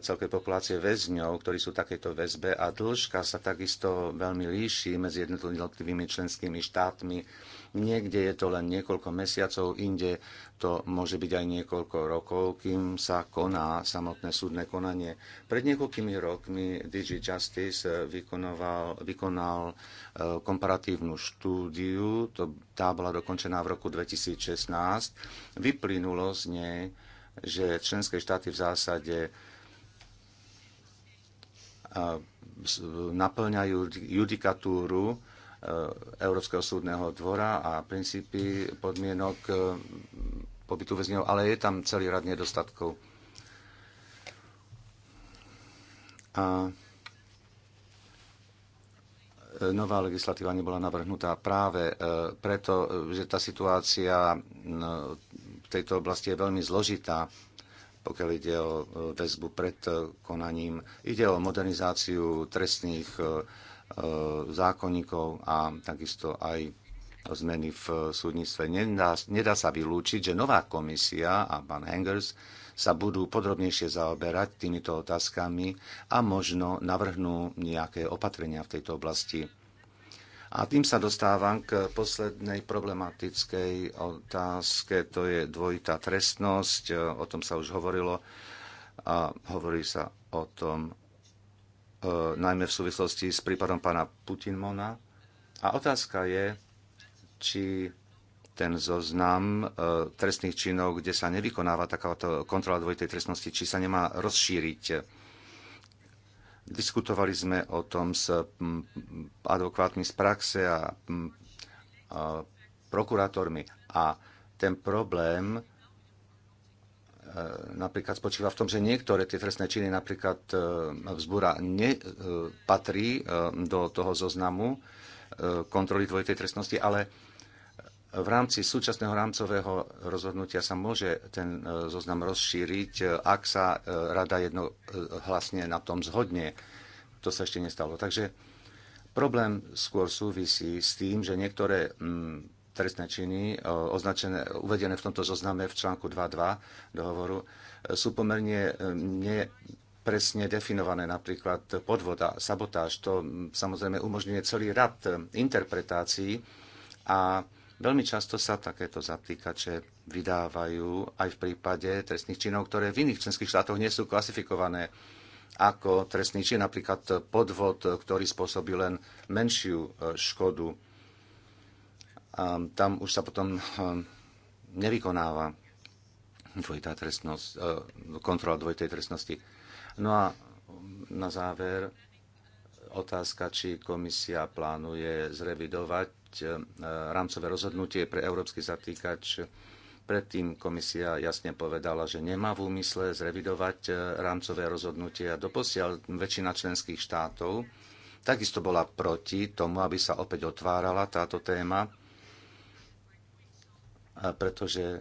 celkej populácie väzňov, ktorí sú v takejto väzbe a dĺžka sa takisto veľmi líši medzi jednotlivými členskými štátmi Niekde je to len niekoľko mesiacov, inde to môže byť aj niekoľko rokov, kým sa koná samotné súdne konanie. Pred niekoľkými rokmi Digi Justice vykonoval, vykonal e, komparatívnu štúdiu, to, tá bola dokončená v roku 2016. Vyplynulo z nej, že členské štáty v zásade e, naplňajú judikatúru E, Európskeho súdneho dvora a princípy podmienok e, pobytu väzňov, ale je tam celý rad nedostatkov. A e, nová legislatíva nebola navrhnutá práve preto, že tá situácia v tejto oblasti je veľmi zložitá, pokiaľ ide o väzbu pred konaním. Ide o modernizáciu trestných E, zákonníkov a takisto aj zmeny v súdnictve. Nedá, nedá sa vylúčiť, že nová komisia a pán Hengers sa budú podrobnejšie zaoberať týmito otázkami a možno navrhnú nejaké opatrenia v tejto oblasti. A tým sa dostávam k poslednej problematickej otázke, to je dvojitá trestnosť, e, o tom sa už hovorilo a hovorí sa o tom E, najmä v súvislosti s prípadom pána Putinmona. A otázka je, či ten zoznam e, trestných činov, kde sa nevykonáva takáto kontrola dvojitej trestnosti, či sa nemá rozšíriť. Diskutovali sme o tom s advokátmi z praxe a prokurátormi. A ten problém E, napríklad spočíva v tom, že niektoré tie trestné činy, napríklad e, vzbúra, nepatrí e, do toho zoznamu kontroly dvojitej trestnosti, ale v rámci súčasného rámcového rozhodnutia sa môže ten zoznam rozšíriť, ak sa rada jednohlasne na tom zhodne. To sa ešte nestalo. Takže problém skôr súvisí s tým, že niektoré mm, trestné činy e, označené, uvedené v tomto zozname v článku 2.2 dohovoru e, sú pomerne ne, presne definované, napríklad podvoda, sabotáž. To samozrejme umožňuje celý rad e, interpretácií a veľmi často sa takéto zatýkače vydávajú aj v prípade trestných činov, ktoré v iných členských štátoch nie sú klasifikované ako trestný čin, napríklad podvod, ktorý spôsobí len menšiu škodu Ehm, tam už sa potom ehm, nevykonáva dvojitá trestnosť, ehm, kontrola dvojitej trestnosti. No a na záver otázka, či komisia plánuje zrevidovať rámcové rozhodnutie pre európsky zatýkač. Predtým komisia jasne povedala, že nemá v úmysle zrevidovať rámcové rozhodnutie a doposiaľ väčšina členských štátov takisto bola proti tomu, aby sa opäť otvárala táto téma pretože e,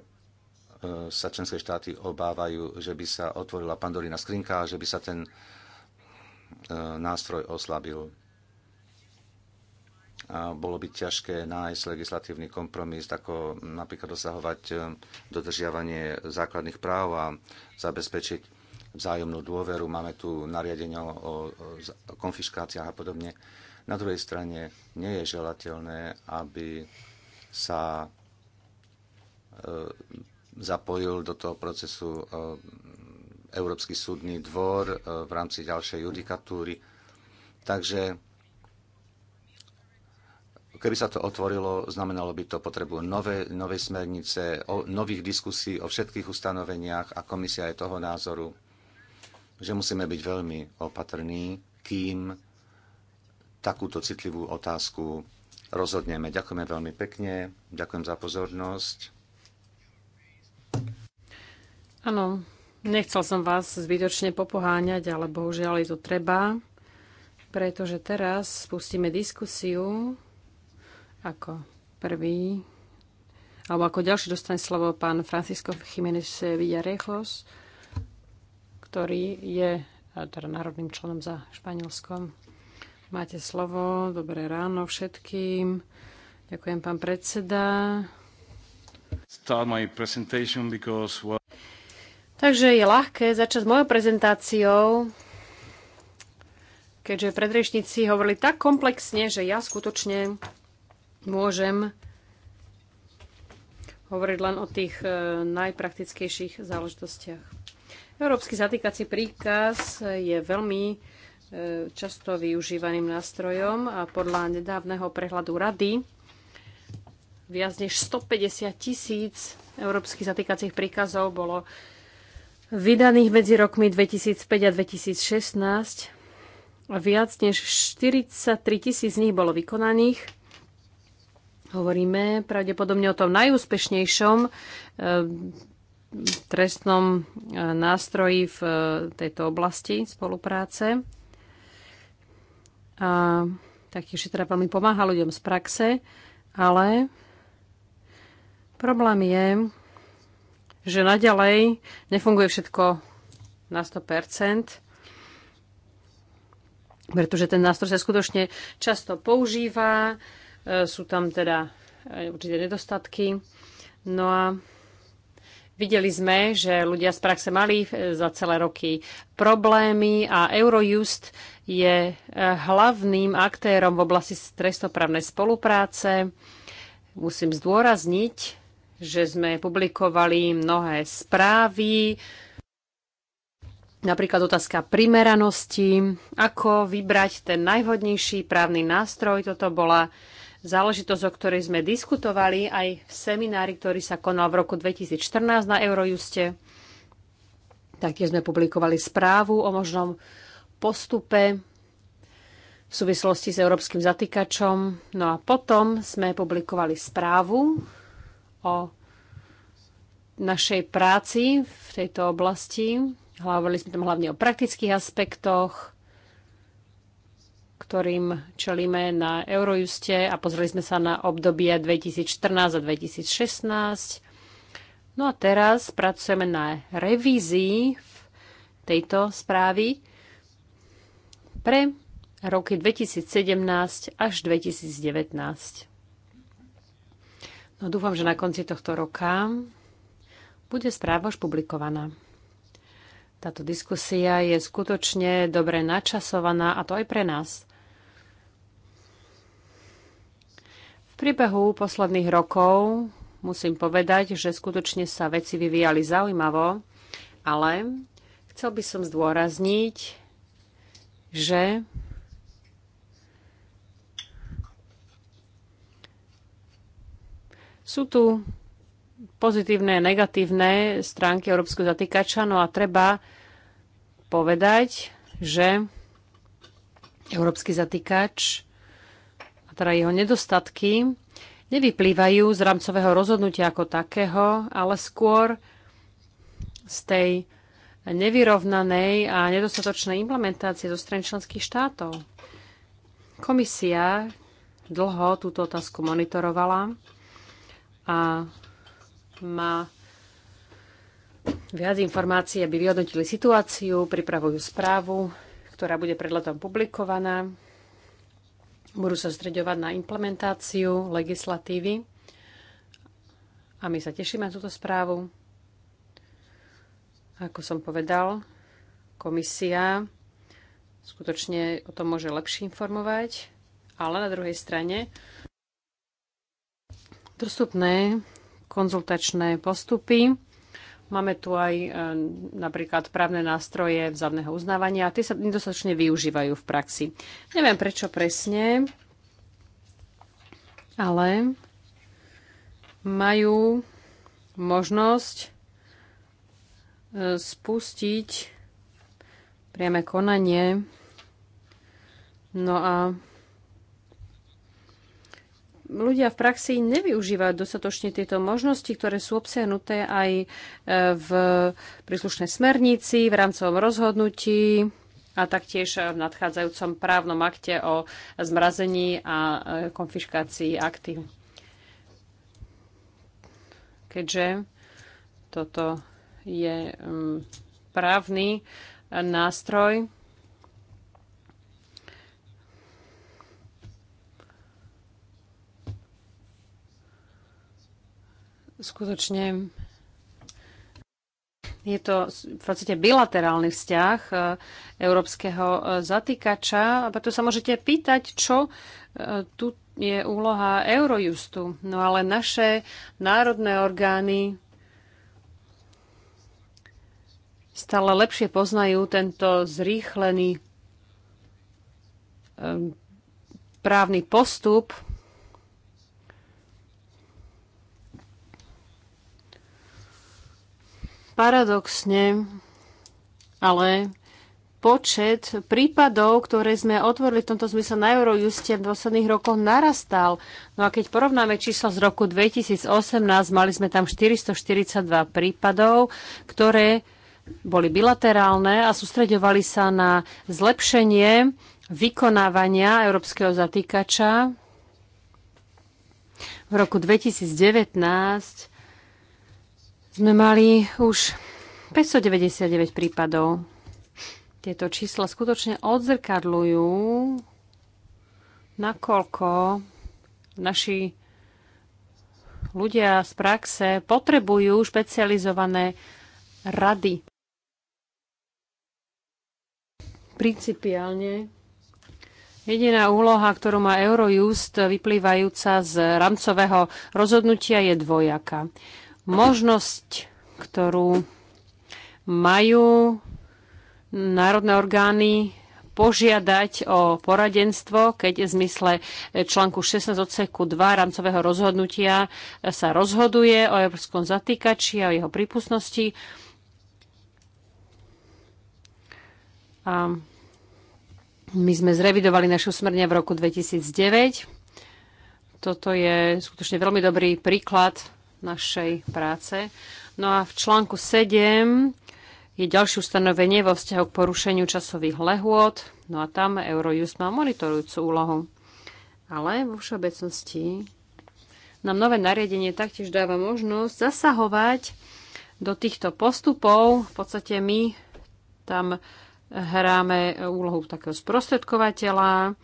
sa členské štáty obávajú, že by sa otvorila pandorína skrinka a že by sa ten e, nástroj oslabil. A bolo by ťažké nájsť legislatívny kompromis, ako napríklad dosahovať e, dodržiavanie základných práv a zabezpečiť vzájomnú dôveru. Máme tu nariadenia o konfiškáciách a podobne. Na druhej strane nie je želateľné, aby sa E, zapojil do toho procesu e, Európsky súdny dvor e, v rámci ďalšej judikatúry. Takže keby sa to otvorilo, znamenalo by to potrebu nové, novej smernice, o, nových diskusí o všetkých ustanoveniach a komisia je toho názoru, že musíme byť veľmi opatrní, kým takúto citlivú otázku rozhodneme. Ďakujeme veľmi pekne, ďakujem za pozornosť. Áno, nechcel som vás zbytočne popoháňať, ale bohužiaľ je to treba, pretože teraz spustíme diskusiu ako prvý, alebo ako ďalší dostane slovo pán Francisco Jiménez Villarejos, ktorý je teda národným členom za Španielskom. Máte slovo, dobré ráno všetkým. Ďakujem, pán predseda. Start my presentation because Takže je ľahké začať s mojou prezentáciou, keďže predrečníci hovorili tak komplexne, že ja skutočne môžem hovoriť len o tých e, najpraktickejších záležitostiach. Európsky zatýkací príkaz je veľmi e, často využívaným nástrojom a podľa nedávneho prehľadu rady viac než 150 tisíc európskych zatýkacích príkazov bolo vydaných medzi rokmi 2005 a 2016 viac než 43 tisíc z nich bolo vykonaných. Hovoríme pravdepodobne o tom najúspešnejšom eh, trestnom eh, nástroji v eh, tejto oblasti spolupráce. A taktiež teda veľmi pomáha ľuďom z praxe, ale problém je, že naďalej nefunguje všetko na 100%, pretože ten nástroj sa skutočne často používa, e, sú tam teda e, určité nedostatky. No a videli sme, že ľudia z praxe mali e, za celé roky problémy a Eurojust je hlavným aktérom v oblasti trestoprávnej spolupráce. Musím zdôrazniť, že sme publikovali mnohé správy, napríklad otázka primeranosti, ako vybrať ten najvhodnejší právny nástroj. Toto bola záležitosť, o ktorej sme diskutovali aj v seminári, ktorý sa konal v roku 2014 na Eurojuste. Taktiež sme publikovali správu o možnom postupe v súvislosti s európskym zatýkačom. No a potom sme publikovali správu o našej práci v tejto oblasti. Hovorili sme tam hlavne o praktických aspektoch, ktorým čelíme na Eurojuste a pozreli sme sa na obdobie 2014 a 2016. No a teraz pracujeme na revízii tejto správy pre roky 2017 až 2019. No dúfam, že na konci tohto roka bude správa už publikovaná. Táto diskusia je skutočne dobre načasovaná a to aj pre nás. V priebehu posledných rokov musím povedať, že skutočne sa veci vyvíjali zaujímavo, ale chcel by som zdôrazniť, že Sú tu pozitívne a negatívne stránky európskeho zatýkača, no a treba povedať, že európsky zatýkač a teda jeho nedostatky nevyplývajú z rámcového rozhodnutia ako takého, ale skôr z tej nevyrovnanej a nedostatočnej implementácie zo strany členských štátov. Komisia dlho túto otázku monitorovala a má viac informácií, aby vyhodnotili situáciu, pripravujú správu, ktorá bude pred letom publikovaná. Budú sa streďovať na implementáciu legislatívy a my sa tešíme na túto správu. Ako som povedal, komisia skutočne o tom môže lepšie informovať, ale na druhej strane dostupné konzultačné postupy. Máme tu aj e, napríklad právne nástroje vzadného uznávania a tie sa nedostatočne využívajú v praxi. Neviem prečo presne, ale majú možnosť e, spustiť priame konanie. No a ľudia v praxi nevyužívajú dostatočne tieto možnosti, ktoré sú obsiahnuté aj e, v príslušnej smernici, v rámcovom rozhodnutí a taktiež v nadchádzajúcom právnom akte o zmrazení a e, konfiškácii aktív. Keďže toto je mm, právny e, nástroj, Skutočne je to v podstate bilaterálny vzťah e, európskeho e, zatýkača a preto sa môžete pýtať, čo e, tu je úloha Eurojustu. No ale naše národné orgány stále lepšie poznajú tento zrýchlený právny postup Paradoxne, ale počet prípadov, ktoré sme otvorili v tomto zmysle na Eurojuste v posledných rokoch narastal. No a keď porovnáme číslo z roku 2018, mali sme tam 442 prípadov, ktoré boli bilaterálne a sústreďovali sa na zlepšenie vykonávania európskeho zatýkača. V roku 2019 sme mali už 599 prípadov. Tieto čísla skutočne odzrkadľujú, nakoľko naši ľudia z praxe potrebujú špecializované rady. Principiálne Jediná úloha, ktorú má Eurojust vyplývajúca z rámcového rozhodnutia je dvojaka možnosť, ktorú majú národné orgány požiadať o poradenstvo, keď v zmysle článku 16 odseku 2 rámcového rozhodnutia sa rozhoduje o európskom zatýkači a o jeho prípustnosti. A my sme zrevidovali našu smrňa v roku 2009. Toto je skutočne veľmi dobrý príklad našej práce. No a v článku 7 je ďalšie ustanovenie vo vzťahu k porušeniu časových lehôd. No a tam Eurojust má monitorujúcu úlohu. Ale vo všeobecnosti nám nové nariadenie taktiež dáva možnosť zasahovať do týchto postupov. V podstate my tam hráme úlohu takého sprostredkovateľa,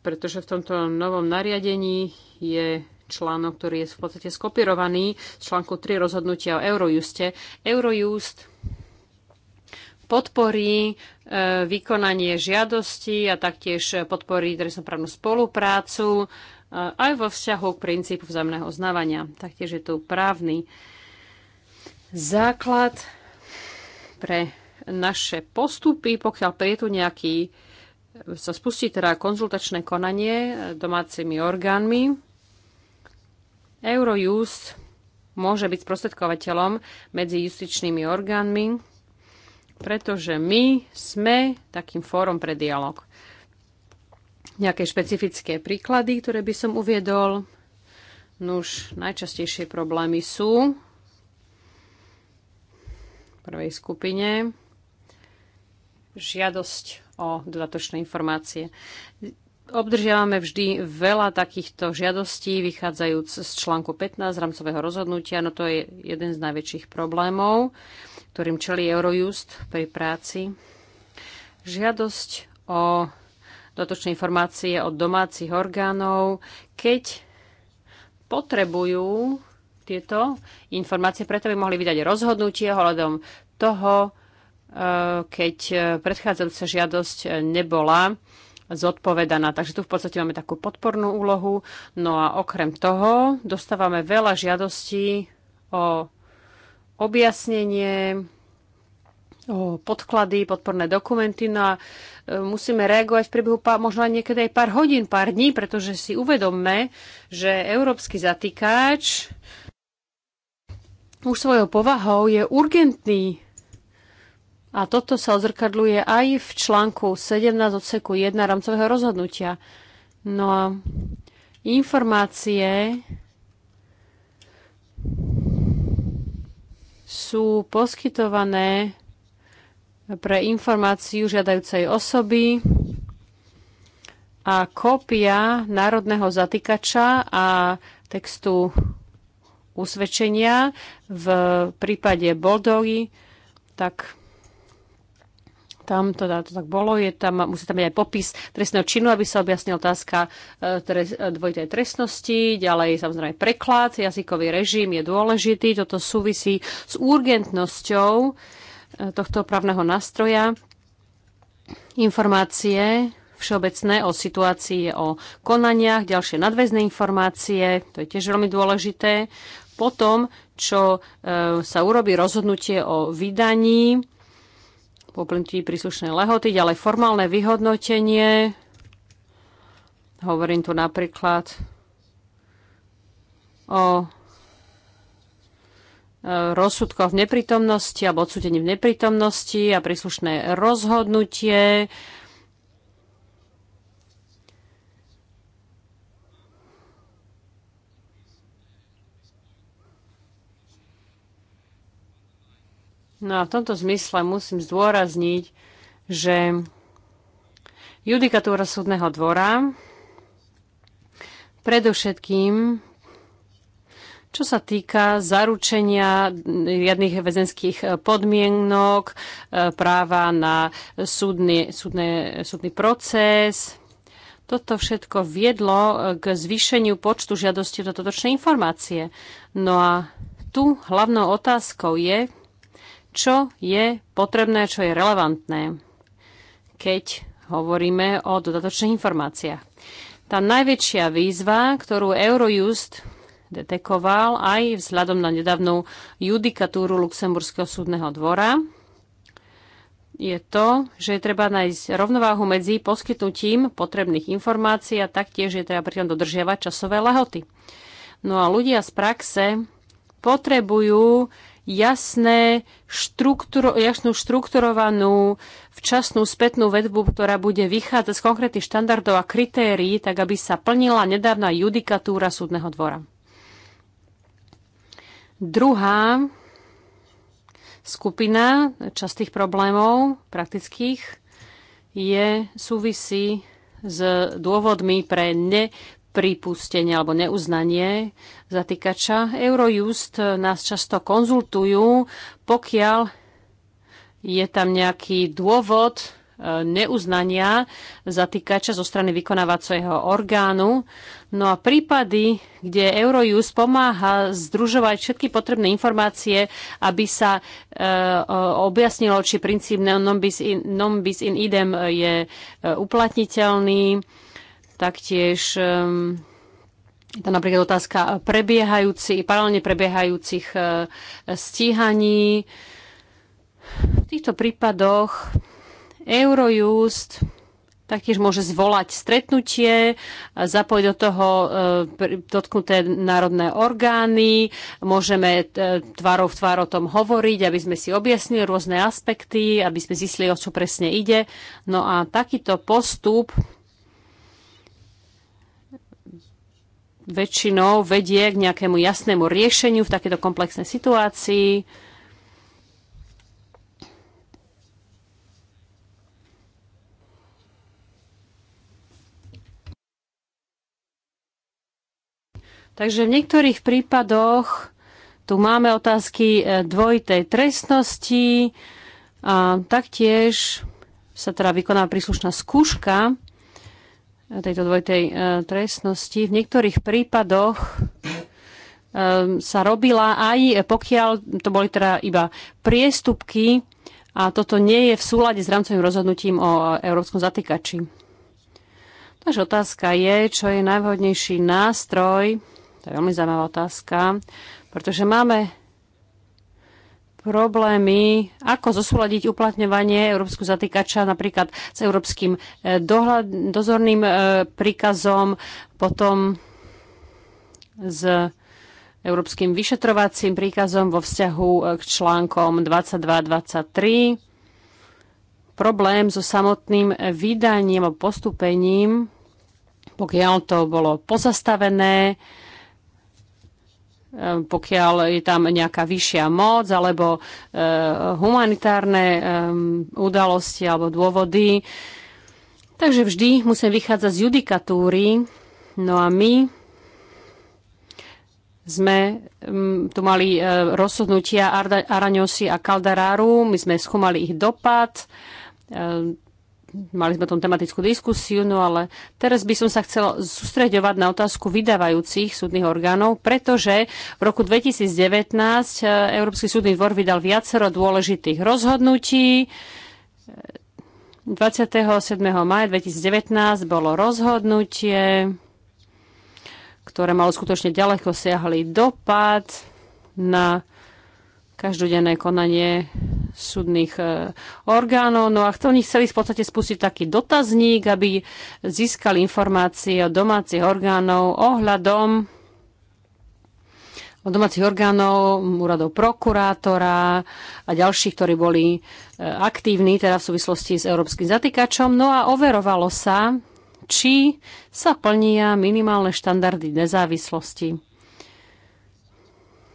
pretože v tomto novom nariadení je článok, ktorý je v podstate skopirovaný z článku 3 rozhodnutia o Eurojuste. Eurojust podporí e, vykonanie žiadosti a taktiež podporí trestnoprávnu spoluprácu e, aj vo vzťahu k princípu vzájomného uznávania. Taktiež je tu právny základ pre naše postupy, pokiaľ prie tu nejaký sa spustí teda konzultačné konanie domácimi orgánmi Eurojust môže byť sprostredkovateľom medzi justičnými orgánmi, pretože my sme takým fórom pre dialog. Nejaké špecifické príklady, ktoré by som uviedol. Nuž, najčastejšie problémy sú v prvej skupine žiadosť o dodatočné informácie. Obdržiavame vždy veľa takýchto žiadostí, vychádzajúc z článku 15 rámcového rozhodnutia. No to je jeden z najväčších problémov, ktorým čelí Eurojust pri práci. Žiadosť o dotočné informácie od domácich orgánov, keď potrebujú tieto informácie, preto by mohli vydať rozhodnutie hľadom toho, eh, keď eh, predchádzajúca žiadosť nebola zodpovedaná. Takže tu v podstate máme takú podpornú úlohu. No a okrem toho dostávame veľa žiadostí o objasnenie, o podklady, podporné dokumenty. No a e, musíme reagovať v priebehu pár, možno aj niekedy aj pár hodín, pár dní, pretože si uvedomme, že európsky zatýkač už svojou povahou je urgentný a toto sa odzrkadľuje aj v článku 17 odseku 1 rámcového rozhodnutia. No a informácie sú poskytované pre informáciu žiadajúcej osoby a kópia národného zatýkača a textu usvedčenia v prípade Boldogi, tak tam to, to tak bolo, je tam, musí tam byť aj popis trestného činu, aby sa objasnila otázka e, trest, e, dvojitej trestnosti, ďalej samozrejme preklad, jazykový režim je dôležitý, toto súvisí s urgentnosťou e, tohto právneho nástroja. Informácie všeobecné o situácii, o konaniach, ďalšie nadväzné informácie, to je tiež veľmi dôležité. Potom, čo sa urobí rozhodnutie o vydaní, po plnutí príslušnej lehoty. Ďalej formálne vyhodnotenie. Hovorím tu napríklad o e, rozsudkoch v neprítomnosti alebo odsudení v neprítomnosti a príslušné rozhodnutie No a v tomto zmysle musím zdôrazniť, že judikatúra súdneho dvora predovšetkým čo sa týka zaručenia riadných väzenských podmienok, e, práva na súdny, súdne, súdny proces. Toto všetko viedlo e, k zvýšeniu počtu žiadosti o dodatočné informácie. No a tu hlavnou otázkou je, čo je potrebné, čo je relevantné, keď hovoríme o dodatočných informáciách. Tá najväčšia výzva, ktorú Eurojust detekoval aj vzhľadom na nedávnu judikatúru Luxemburského súdneho dvora, je to, že je treba nájsť rovnováhu medzi poskytnutím potrebných informácií a taktiež je treba pritom dodržiavať časové lehoty. No a ľudia z praxe potrebujú jasné, štruktúro, jasnú štrukturovanú včasnú spätnú vedbu, ktorá bude vychádzať z konkrétnych štandardov a kritérií, tak aby sa plnila nedávna judikatúra súdneho dvora. Druhá skupina častých problémov praktických je súvisí s dôvodmi pre ne pripustenie alebo neuznanie zatýkača. Eurojust nás často konzultujú, pokiaľ je tam nejaký dôvod e, neuznania zatýkača zo strany vykonávacieho orgánu. No a prípady, kde Eurojust pomáha združovať všetky potrebné informácie, aby sa e, objasnilo, či princíp non bis in, non bis in idem je e, uplatniteľný, Taktiež ehm, je tam napríklad otázka prebiehajúci, paralelne prebiehajúcich eh, stíhaní. V týchto prípadoch Eurojust taktiež môže zvolať stretnutie, zapojiť do toho eh, dotknuté národné orgány, môžeme eh, tvárov v tvár o tom hovoriť, aby sme si objasnili rôzne aspekty, aby sme zistili, o čo presne ide. No a takýto postup väčšinou vedie k nejakému jasnému riešeniu v takéto komplexnej situácii. Takže v niektorých prípadoch tu máme otázky e, dvojitej trestnosti a taktiež sa teda vykoná príslušná skúška tejto dvojtej e, trestnosti. V niektorých prípadoch e, sa robila aj pokiaľ to boli teda iba priestupky a toto nie je v súlade s rámcovým rozhodnutím o európskom zatýkači. Takže otázka je, čo je najvhodnejší nástroj, to je veľmi zaujímavá otázka, pretože máme problémy, ako zosúľadiť uplatňovanie európsku zatýkača napríklad s európskym e, dohľad, dozorným e, príkazom, potom s európskym vyšetrovacím príkazom vo vzťahu e, k článkom 22-23. Problém so samotným vydaním a postupením, pokiaľ to bolo pozastavené, pokiaľ je tam nejaká vyššia moc alebo e, humanitárne e, udalosti alebo dôvody. Takže vždy musím vychádzať z judikatúry. No a my sme tu mali e, rozhodnutia Araňosi a Kaldaráru, my sme skúmali ich dopad, mali sme tom tematickú diskusiu, no ale teraz by som sa chcela sústreďovať na otázku vydávajúcich súdnych orgánov, pretože v roku 2019 e, Európsky súdny dvor vydal viacero dôležitých rozhodnutí. 27. maja 2019 bolo rozhodnutie, ktoré malo skutočne ďaleko siahly dopad na každodenné konanie súdnych e, orgánov. No a oni chceli v podstate spustiť taký dotazník, aby získali informácie od domácich orgánov ohľadom od domácich orgánov, úradov prokurátora a ďalších, ktorí boli e, aktívni teda v súvislosti s európskym zatýkačom. No a overovalo sa, či sa plnia minimálne štandardy nezávislosti.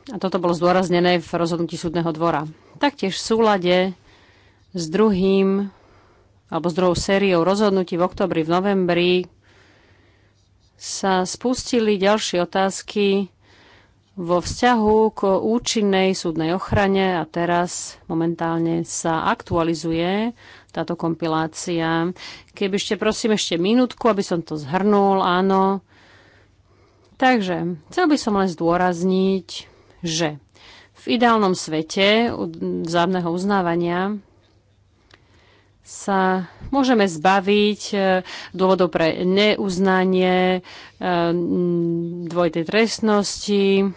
A toto bolo zdôraznené v rozhodnutí súdneho dvora. Taktiež v súlade s druhým alebo s druhou sériou rozhodnutí v oktobri, v novembri sa spustili ďalšie otázky vo vzťahu k účinnej súdnej ochrane a teraz momentálne sa aktualizuje táto kompilácia. Keby ešte prosím ešte minútku, aby som to zhrnul, áno. Takže chcel by som len zdôrazniť, že v ideálnom svete vzájomného uznávania sa môžeme zbaviť e, dôvodov pre neuznanie, e, dvojitej trestnosti.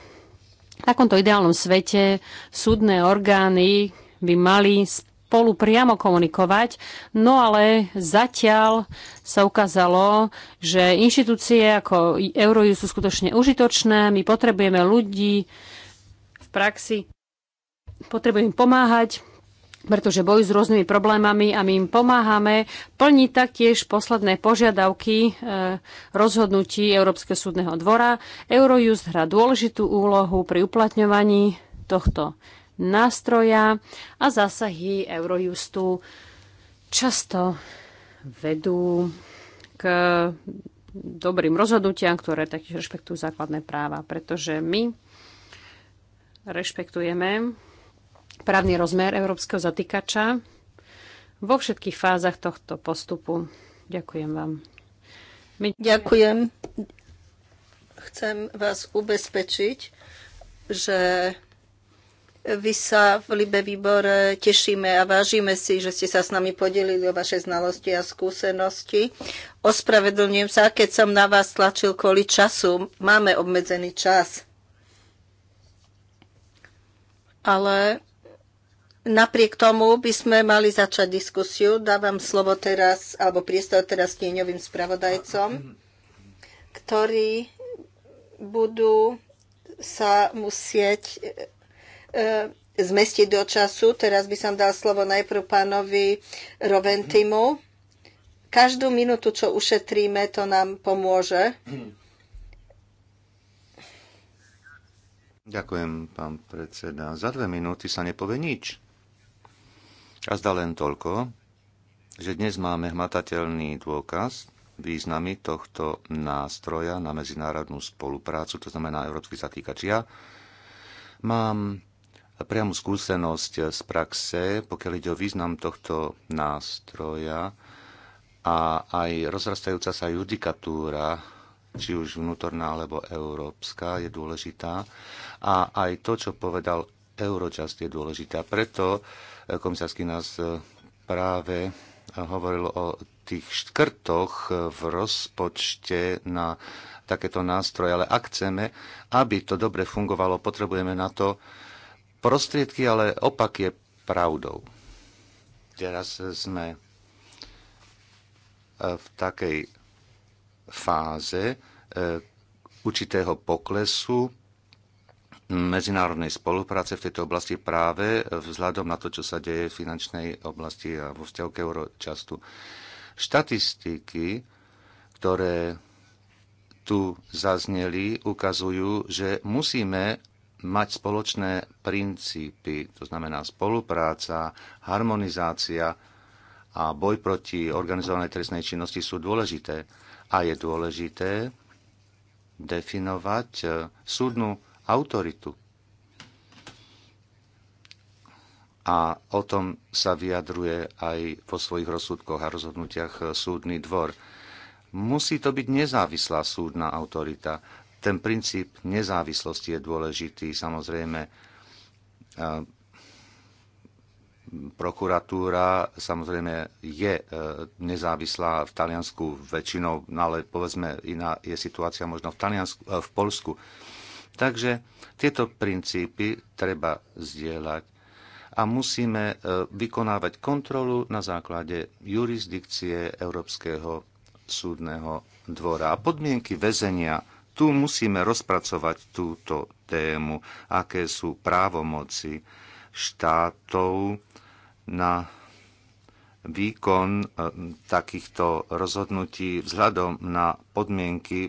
V takomto ideálnom svete súdne orgány by mali spolu priamo komunikovať, no ale zatiaľ sa ukázalo, že inštitúcie ako Euroju sú skutočne užitočné, my potrebujeme ľudí, praxi. Potrebujem pomáhať, pretože boj s rôznymi problémami a my im pomáhame plniť taktiež posledné požiadavky e, rozhodnutí Európskeho súdneho dvora. Eurojust hrá dôležitú úlohu pri uplatňovaní tohto nástroja a zásahy Eurojustu často vedú k dobrým rozhodnutiam, ktoré taktiež rešpektujú základné práva, pretože my rešpektujeme právny rozmer európskeho zatýkača vo všetkých fázach tohto postupu. Ďakujem vám. My... Ďakujem. Chcem vás ubezpečiť, že vy sa v Libe výbore tešíme a vážime si, že ste sa s nami podelili o vaše znalosti a skúsenosti. Ospravedlňujem sa, keď som na vás tlačil kvôli času. Máme obmedzený čas ale napriek tomu by sme mali začať diskusiu. Dávam slovo teraz, alebo priestor teraz tieňovým spravodajcom, ktorí budú sa musieť e, e zmestiť do času. Teraz by som dal slovo najprv pánovi Roventimu. Každú minútu, čo ušetríme, to nám pomôže. Ďakujem, pán predseda. Za dve minúty sa nepovie nič. A zdá len toľko, že dnes máme hmatateľný dôkaz významy tohto nástroja na medzinárodnú spoluprácu, to znamená európsky zatýkačia. Mám priamu skúsenosť z praxe, pokiaľ ide o význam tohto nástroja a aj rozrastajúca sa judikatúra či už vnútorná alebo európska, je dôležitá. A aj to, čo povedal Eurojust, je dôležitá. Preto eh, komisársky nás eh, práve eh, hovoril o tých škrtoch v rozpočte na takéto nástroje. Ale ak chceme, aby to dobre fungovalo, potrebujeme na to prostriedky, ale opak je pravdou. Teraz sme v takej fáze e, určitého poklesu medzinárodnej spolupráce v tejto oblasti práve vzhľadom na to, čo sa deje v finančnej oblasti a vo vzťahu k euročastu. Štatistiky, ktoré tu zazneli, ukazujú, že musíme mať spoločné princípy, to znamená spolupráca, harmonizácia a boj proti organizovanej trestnej činnosti sú dôležité a je dôležité definovať e, súdnu autoritu. A o tom sa vyjadruje aj vo svojich rozsudkoch a rozhodnutiach e, súdny dvor. Musí to byť nezávislá súdna autorita. Ten princíp nezávislosti je dôležitý, samozrejme e, prokuratúra samozrejme je e, nezávislá v Taliansku väčšinou, no ale povedzme iná je situácia možno v, Taliansku, e, v Polsku. Takže tieto princípy treba zdieľať a musíme e, vykonávať kontrolu na základe jurisdikcie Európskeho súdneho dvora. A podmienky väzenia, tu musíme rozpracovať túto tému, aké sú právomoci štátov na výkon e, takýchto rozhodnutí vzhľadom na podmienky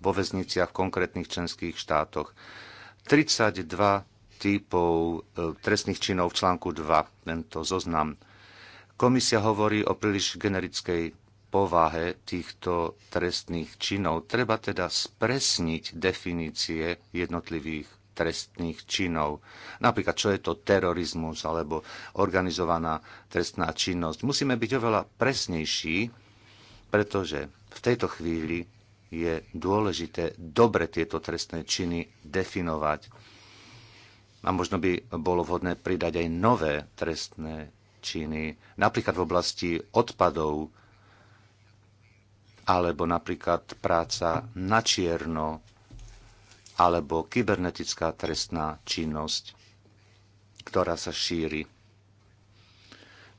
vo väzniciach v konkrétnych členských štátoch. 32 typov e, trestných činov v článku 2, tento zoznam. Komisia hovorí o príliš generickej povahe týchto trestných činov. Treba teda spresniť definície jednotlivých trestných činov. Napríklad, čo je to terorizmus alebo organizovaná trestná činnosť. Musíme byť oveľa presnejší, pretože v tejto chvíli je dôležité dobre tieto trestné činy definovať. A možno by bolo vhodné pridať aj nové trestné činy, napríklad v oblasti odpadov, alebo napríklad práca na čierno, alebo kybernetická trestná činnosť, ktorá sa šíri.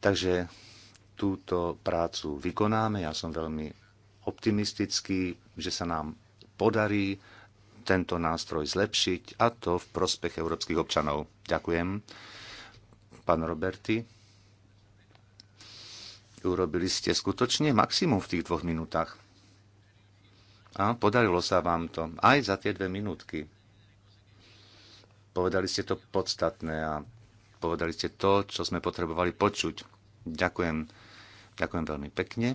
Takže túto prácu vykonáme. Ja som veľmi optimistický, že sa nám podarí tento nástroj zlepšiť a to v prospech európskych občanov. Ďakujem. Pán Roberti, urobili ste skutočne maximum v tých dvoch minútach. A podarilo sa vám to. Aj za tie dve minútky. Povedali ste to podstatné a povedali ste to, čo sme potrebovali počuť. Ďakujem. Ďakujem veľmi pekne.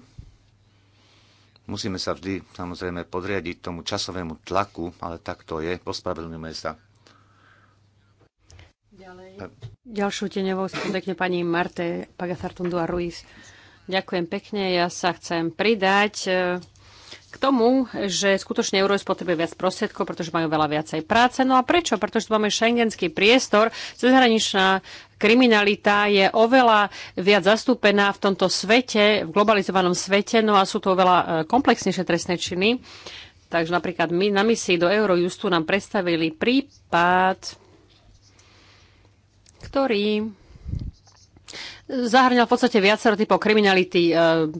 Musíme sa vždy samozrejme podriadiť tomu časovému tlaku, ale tak to je. Ospravedlňujeme sa. Ďalej. E, Ďalšiu tenevou spodekne pani Marte Pagasartundu a Ruiz. Ďakujem pekne. Ja sa chcem pridať e, k tomu, že skutočne euro potrebuje viac prostriedkov, pretože majú veľa viacej práce. No a prečo? Pretože tu máme šengenský priestor, cezhraničná kriminalita je oveľa viac zastúpená v tomto svete, v globalizovanom svete, no a sú to oveľa e, komplexnejšie trestné činy. Takže napríklad my na misii do Eurojustu nám predstavili prípad, ktorý zahrňal v podstate viacero typov kriminality, e,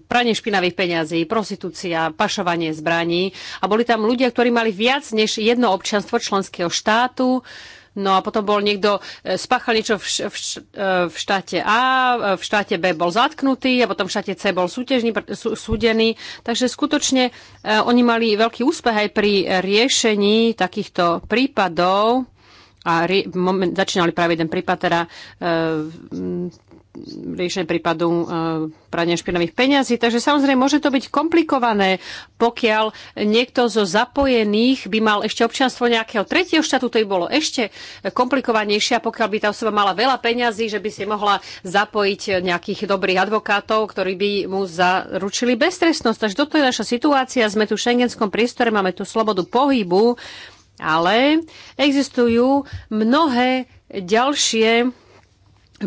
pranie špinavých peňazí, prostitúcia, pašovanie zbraní a boli tam ľudia, ktorí mali viac než jedno občanstvo členského štátu, No a potom bol niekto, e, spáchal niečo v, v, e, v štáte A, v štáte B bol zatknutý a potom v štáte C bol sútežný, sú, súdený. Takže skutočne eh, oni mali veľký úspech aj pri riešení takýchto prípadov a ri, moment, začínali práve jeden prípad, teda eh, riešenie prípadu e, prania špinavých peňazí. Takže samozrejme môže to byť komplikované, pokiaľ niekto zo zapojených by mal ešte občianstvo nejakého tretieho štátu, to by bolo ešte komplikovanejšie, pokiaľ by tá osoba mala veľa peňazí, že by si mohla zapojiť nejakých dobrých advokátov, ktorí by mu zaručili beztrestnosť. Takže toto je naša situácia. Sme tu v šengenskom priestore, máme tu slobodu pohybu, ale existujú mnohé ďalšie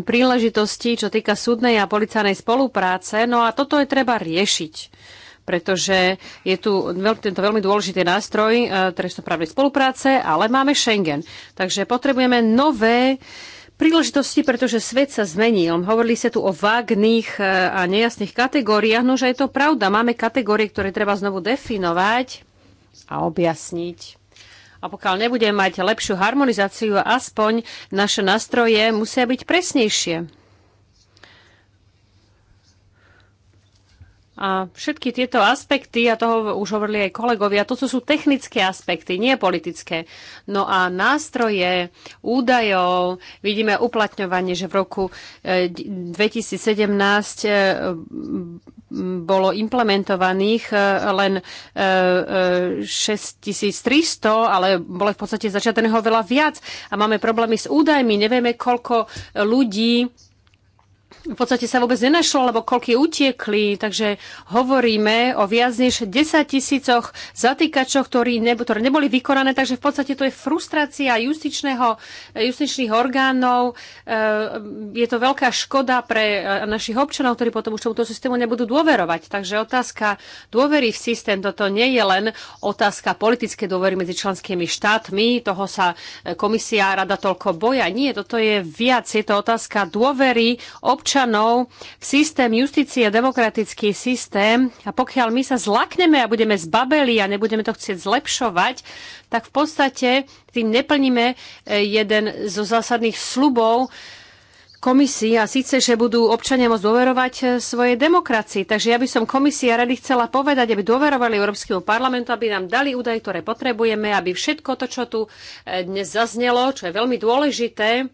príležitosti, čo týka súdnej a policajnej spolupráce. No a toto je treba riešiť pretože je tu veľ, tento veľmi dôležitý nástroj e, trestnoprávnej spolupráce, ale máme Schengen. Takže potrebujeme nové príležitosti, pretože svet sa zmenil. Hovorili ste tu o vágných e, a nejasných kategóriách, no že je to pravda. Máme kategórie, ktoré treba znovu definovať a objasniť. A pokiaľ nebudeme mať lepšiu harmonizáciu, aspoň naše nástroje musia byť presnejšie. A všetky tieto aspekty, a toho už hovorili aj kolegovia, to sú technické aspekty, nie politické. No a nástroje údajov, vidíme uplatňovanie, že v roku 2017 e, e, bolo implementovaných e, len 6300, ale bolo v podstate začiatného veľa viac. A máme problémy s údajmi, nevieme, koľko ľudí v podstate sa vôbec nenašlo, lebo koľky utiekli, takže hovoríme o viac než 10 tisícoch zatýkačov, ktorí nebo, ktoré neboli vykonané, takže v podstate to je frustrácia justičného, justičných orgánov. E, je to veľká škoda pre e, našich občanov, ktorí potom už tomuto systému nebudú dôverovať. Takže otázka dôvery v systém, toto nie je len otázka politické dôvery medzi členskými štátmi, toho sa e, komisia rada toľko boja. Nie, toto je viac, je to otázka dôvery občanov občanov, systém justície, demokratický systém a pokiaľ my sa zlakneme a budeme zbabeli a nebudeme to chcieť zlepšovať, tak v podstate tým neplníme eh, jeden zo zásadných slubov, komisii a síce, že budú občania môcť dôverovať eh, svojej demokracii. Takže ja by som komisia rady chcela povedať, aby dôverovali Európskemu parlamentu, aby nám dali údaje, ktoré potrebujeme, aby všetko to, čo tu eh, dnes zaznelo, čo je veľmi dôležité,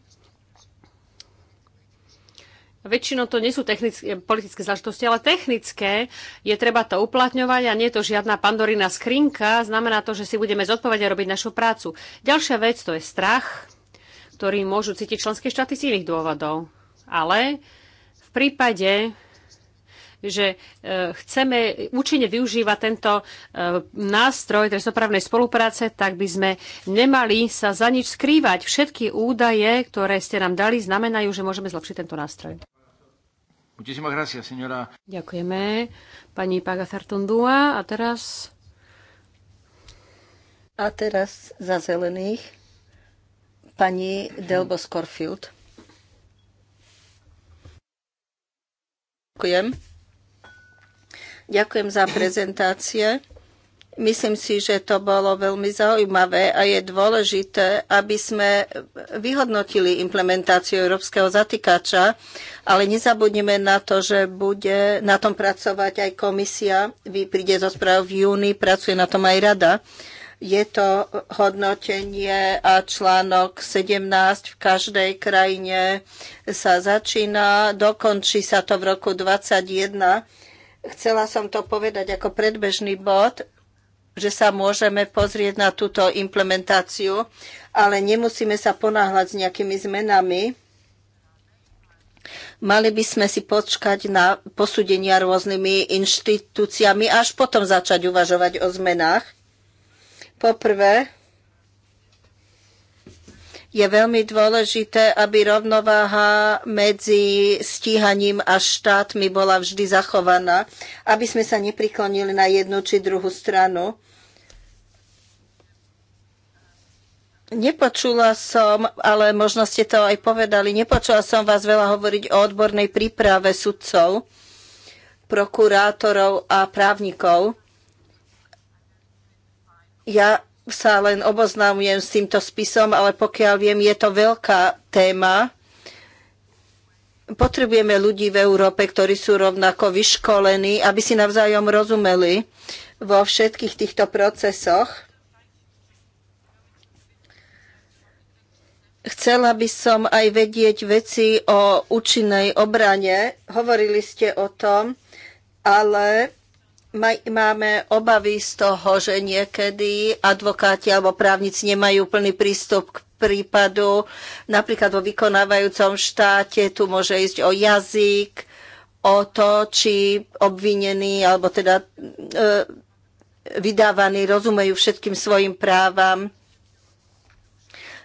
väčšinou to nie sú technické, politické záležitosti, ale technické. Je treba to uplatňovať a nie je to žiadna pandorína skrinka. Znamená to, že si budeme zodpovedne robiť našu prácu. Ďalšia vec to je strach, ktorý môžu cítiť členské štáty z iných dôvodov. Ale v prípade, že e, chceme účinne využívať tento e, nástroj trestnoprávnej spolupráce, tak by sme nemali sa za nič skrývať. Všetky údaje, ktoré ste nám dali, znamenajú, že môžeme zlepšiť tento nástroj. Ďakujeme pani Fertundua. A teraz... A teraz za zelených pani Delbo Scorfield. Ďakujem. Ďakujem za prezentácie. Myslím si, že to bolo veľmi zaujímavé a je dôležité, aby sme vyhodnotili implementáciu európskeho zatýkača, ale nezabudneme na to, že bude na tom pracovať aj komisia. Vy príde zo správ v júni, pracuje na tom aj rada. Je to hodnotenie a článok 17 v každej krajine sa začína, dokončí sa to v roku 2021 Chcela som to povedať ako predbežný bod, že sa môžeme pozrieť na túto implementáciu, ale nemusíme sa ponáhľať s nejakými zmenami. Mali by sme si počkať na posúdenia rôznymi inštitúciami až potom začať uvažovať o zmenách. Poprvé, je veľmi dôležité, aby rovnováha medzi stíhaním a štátmi bola vždy zachovaná, aby sme sa nepriklonili na jednu či druhú stranu. Nepočula som, ale možno ste to aj povedali, nepočula som vás veľa hovoriť o odbornej príprave sudcov, prokurátorov a právnikov. Ja sa len oboznámujem s týmto spisom, ale pokiaľ viem, je to veľká téma. Potrebujeme ľudí v Európe, ktorí sú rovnako vyškolení, aby si navzájom rozumeli vo všetkých týchto procesoch. Chcela by som aj vedieť veci o účinnej obrane. Hovorili ste o tom, ale máme obavy z toho, že niekedy advokáti alebo právnici nemajú plný prístup k prípadu. Napríklad vo vykonávajúcom štáte tu môže ísť o jazyk, o to, či obvinený alebo teda e, vydávaní rozumejú všetkým svojim právam.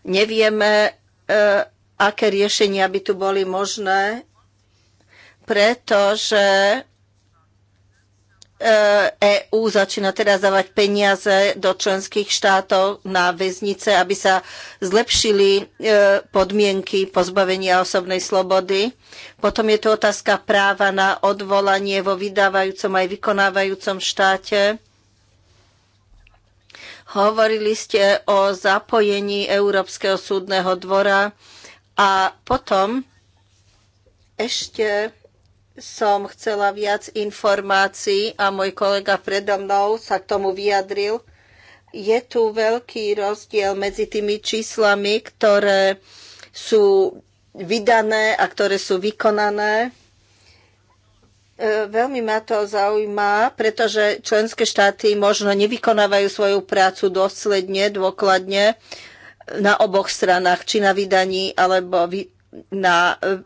Nevieme, e, aké riešenia by tu boli možné, pretože EÚ e začína teraz dávať peniaze do členských štátov na väznice, aby sa zlepšili e, podmienky pozbavenia osobnej slobody. Potom je tu otázka práva na odvolanie vo vydávajúcom aj vykonávajúcom štáte. Hovorili ste o zapojení Európskeho súdneho dvora a potom ešte som chcela viac informácií a môj kolega predo mnou sa k tomu vyjadril. Je tu veľký rozdiel medzi tými číslami, ktoré sú vydané a ktoré sú vykonané. E, veľmi ma to zaujíma, pretože členské štáty možno nevykonávajú svoju prácu dosledne, dôkladne na oboch stranách, či na vydaní alebo na e,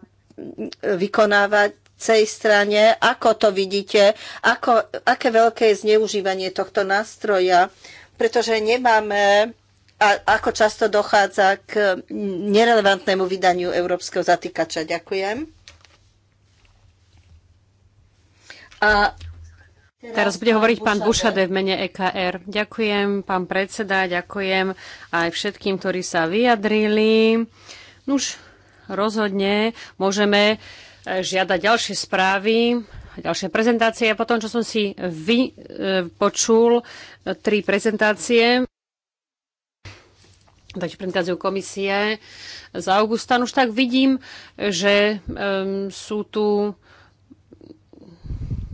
vykonávať, cej strane, ako to vidíte, ako, aké veľké je zneužívanie tohto nástroja, pretože nemáme a ako často dochádza k nerelevantnému vydaniu európskeho zatýkača. Ďakujem. A Teraz bude hovoriť pán Bušade v mene EKR. Ďakujem, pán predseda, ďakujem aj všetkým, ktorí sa vyjadrili. Už rozhodne môžeme žiadať ďalšie správy, ďalšie prezentácie. A potom, čo som si vypočul, e, e, tri prezentácie, takže prezentáciu komisie z augusta, už tak vidím, že um, sú tu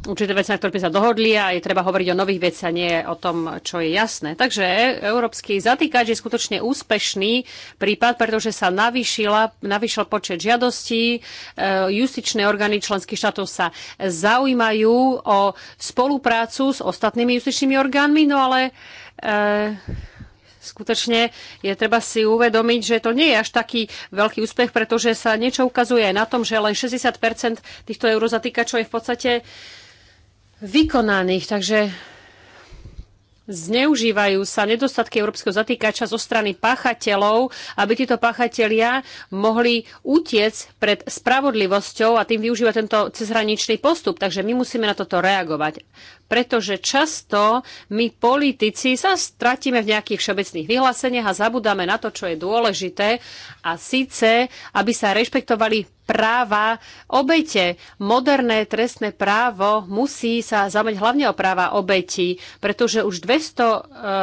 určité veci, na ktoré sme sa dohodli a je treba hovoriť o nových veciach, nie o tom, čo je jasné. Takže európsky zatýkač je skutočne úspešný prípad, pretože sa navýšila, navýšil počet žiadostí, e, justičné orgány členských štátov sa zaujímajú o spoluprácu s ostatnými justičnými orgánmi, no ale e skutočne je treba si uvedomiť, že to nie je až taký veľký úspech, pretože sa niečo ukazuje aj na tom, že len 60 týchto eurozatýkačov je v podstate vykonaných. Takže zneužívajú sa nedostatky európskeho zatýkača zo strany páchateľov, aby títo páchatelia mohli utiec pred spravodlivosťou a tým využívať tento cezhraničný postup. Takže my musíme na toto reagovať. Pretože často my politici sa stratíme v nejakých všeobecných vyhláseniach a zabudáme na to, čo je dôležité a síce, aby sa rešpektovali práva obete. Moderné trestné právo musí sa zaujímať hlavne o práva obetí, pretože už 200 e,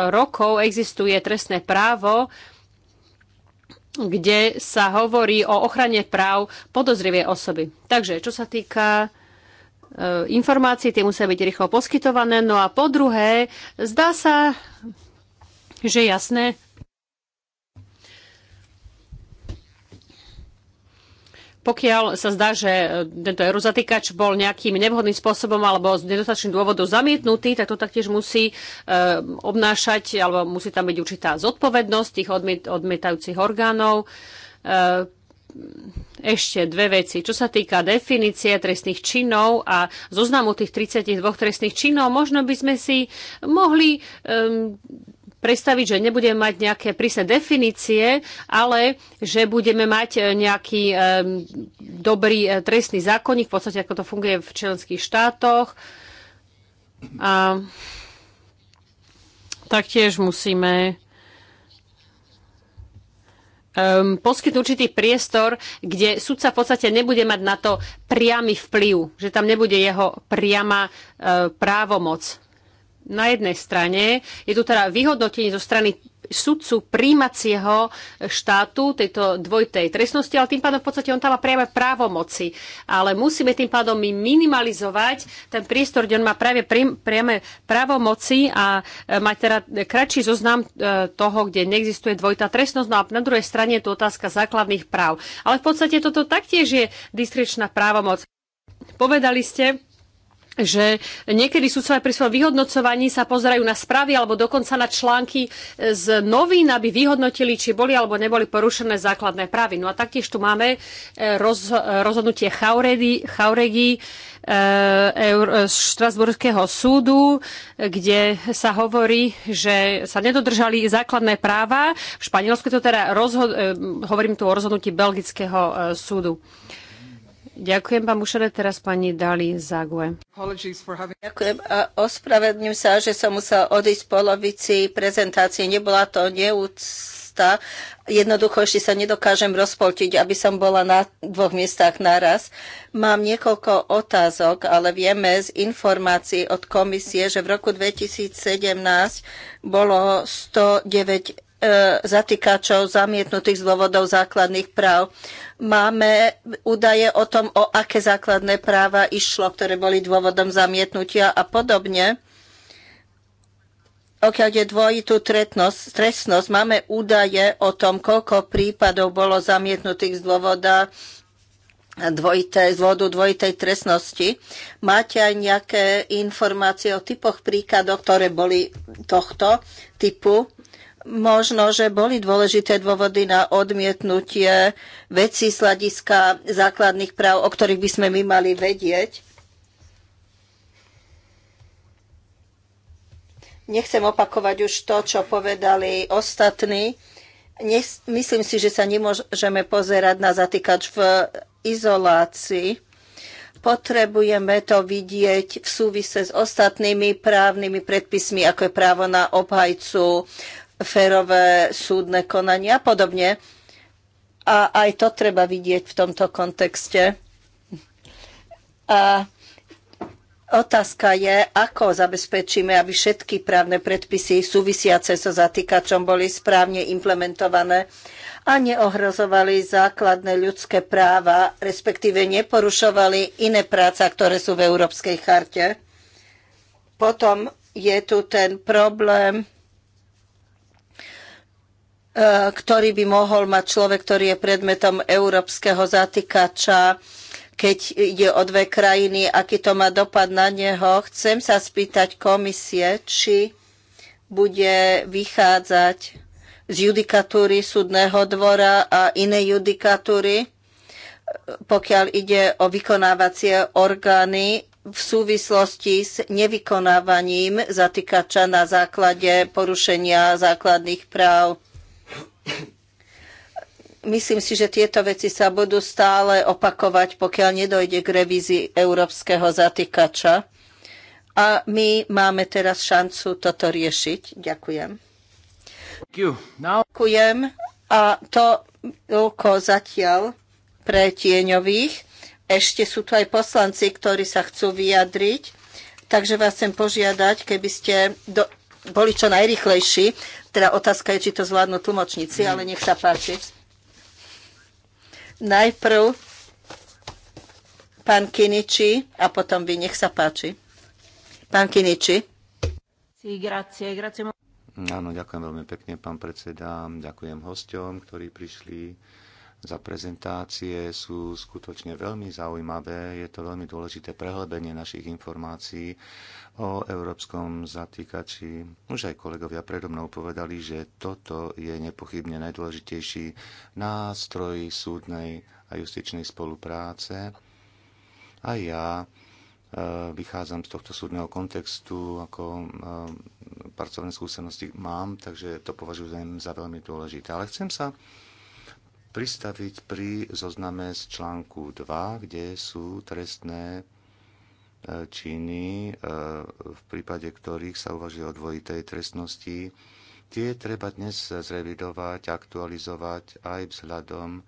rokov existuje trestné právo, kde sa hovorí o ochrane práv podozrivej osoby. Takže, čo sa týka e, informácií, tie musia byť rýchlo poskytované. No a po druhé, zdá sa, že jasné, pokiaľ sa zdá, že e, tento eurozatýkač bol nejakým nevhodným spôsobom alebo z nedostatočným dôvodom zamietnutý, tak to taktiež musí e, obnášať alebo musí tam byť určitá zodpovednosť tých odmiet, odmietajúcich orgánov. E, ešte dve veci. Čo sa týka definície trestných činov a zoznamu tých 32 trestných činov, možno by sme si mohli predstaviť, že nebudeme mať nejaké prísne definície, ale že budeme mať e, nejaký e, dobrý e, trestný zákonník, v podstate ako to funguje v členských štátoch. A taktiež musíme um, poskytnúť určitý priestor, kde sudca v podstate nebude mať na to priamy vplyv, že tam nebude jeho priama uh, právomoc na jednej strane je tu teda vyhodnotenie zo strany sudcu príjmacieho štátu tejto dvojtej trestnosti, ale tým pádom v podstate on tam má priame právomoci. Ale musíme tým pádom my minimalizovať ten priestor, kde on má práve priame právomoci a e, mať teda kratší zoznam e, toho, kde neexistuje dvojtá trestnosť. No a na druhej strane je tu otázka základných práv. Ale v podstate toto taktiež je distričná právomoc. Povedali ste, že niekedy sudcovia pri svojom vyhodnocovaní sa pozerajú na správy alebo dokonca na články z novín, aby vyhodnotili, či boli alebo neboli porušené základné právy. No a taktiež tu máme e, roz, rozhodnutie Chauregi, Chauregi e, e, Štrasburského súdu, kde sa hovorí, že sa nedodržali základné práva. V Španielsku to teda rozhod, e, hovorím tu o rozhodnutí Belgického súdu. Ďakujem, pán Bušere, teraz pani Dali Zague. Ďakujem a ospravedlňujem sa, že som musela odísť v polovici prezentácie. Nebola to neúcta. Jednoducho ešte sa nedokážem rozpoltiť, aby som bola na dvoch miestach naraz. Mám niekoľko otázok, ale vieme z informácií od komisie, že v roku 2017 bolo 109 E, zatýkačov zamietnutých z dôvodov základných práv. Máme údaje o tom, o aké základné práva išlo, ktoré boli dôvodom zamietnutia a podobne. Okiaľ je dvojitú tretnosť, trestnosť, máme údaje o tom, koľko prípadov bolo zamietnutých z dôvoda dvojité, z dôvodu dvojitej trestnosti. Máte aj nejaké informácie o typoch príkladov, ktoré boli tohto typu Možno, že boli dôležité dôvody na odmietnutie vecí z hľadiska základných práv, o ktorých by sme my mali vedieť. Nechcem opakovať už to, čo povedali ostatní. Myslím si, že sa nemôžeme pozerať na zatýkač v izolácii potrebujeme to vidieť v súvise s ostatnými právnymi predpismi, ako je právo na obhajcu, férové súdne konania a podobne. A aj to treba vidieť v tomto kontexte. A otázka je, ako zabezpečíme, aby všetky právne predpisy súvisiace so zatýkačom boli správne implementované a neohrozovali základné ľudské práva, respektíve neporušovali iné práca, ktoré sú v Európskej charte. Potom je tu ten problém Eh, ktorý by mohol mať človek, ktorý je predmetom európskeho zatýkača, keď ide o dve krajiny, aký to má dopad na neho. Chcem sa spýtať komisie, či bude vychádzať z judikatúry súdneho dvora a inej judikatúry, eh, pokiaľ ide o vykonávacie orgány v súvislosti s nevykonávaním zatýkača na základe porušenia základných práv Myslím si, že tieto veci sa budú stále opakovať, pokiaľ nedojde k revízii európskeho zatýkača. A my máme teraz šancu toto riešiť. Ďakujem. Ďakujem. A to toľko zatiaľ pre tieňových. Ešte sú tu aj poslanci, ktorí sa chcú vyjadriť. Takže vás chcem požiadať, keby ste do, boli čo najrychlejší, teda otázka je, či to zvládnu tlmočníci, ale nech sa páči. Najprv pán Kiniči a potom vy, nech sa páči. Pán Kiniči. Áno, ďakujem veľmi pekne, pán predseda. Ďakujem hosťom, ktorí prišli za prezentácie sú skutočne veľmi zaujímavé. Je to veľmi dôležité prehlebenie našich informácií o európskom zatýkači. Už aj kolegovia predo mnou povedali, že toto je nepochybne najdôležitejší nástroj súdnej a justičnej spolupráce. A ja e, vychádzam z tohto súdneho kontextu, ako e, pracovné skúsenosti mám, takže to považujem za veľmi dôležité. Ale chcem sa pristaviť pri zozname z článku 2, kde sú trestné e, činy, e, v prípade ktorých sa uvažuje o dvojitej trestnosti. Tie treba dnes zrevidovať, aktualizovať aj vzhľadom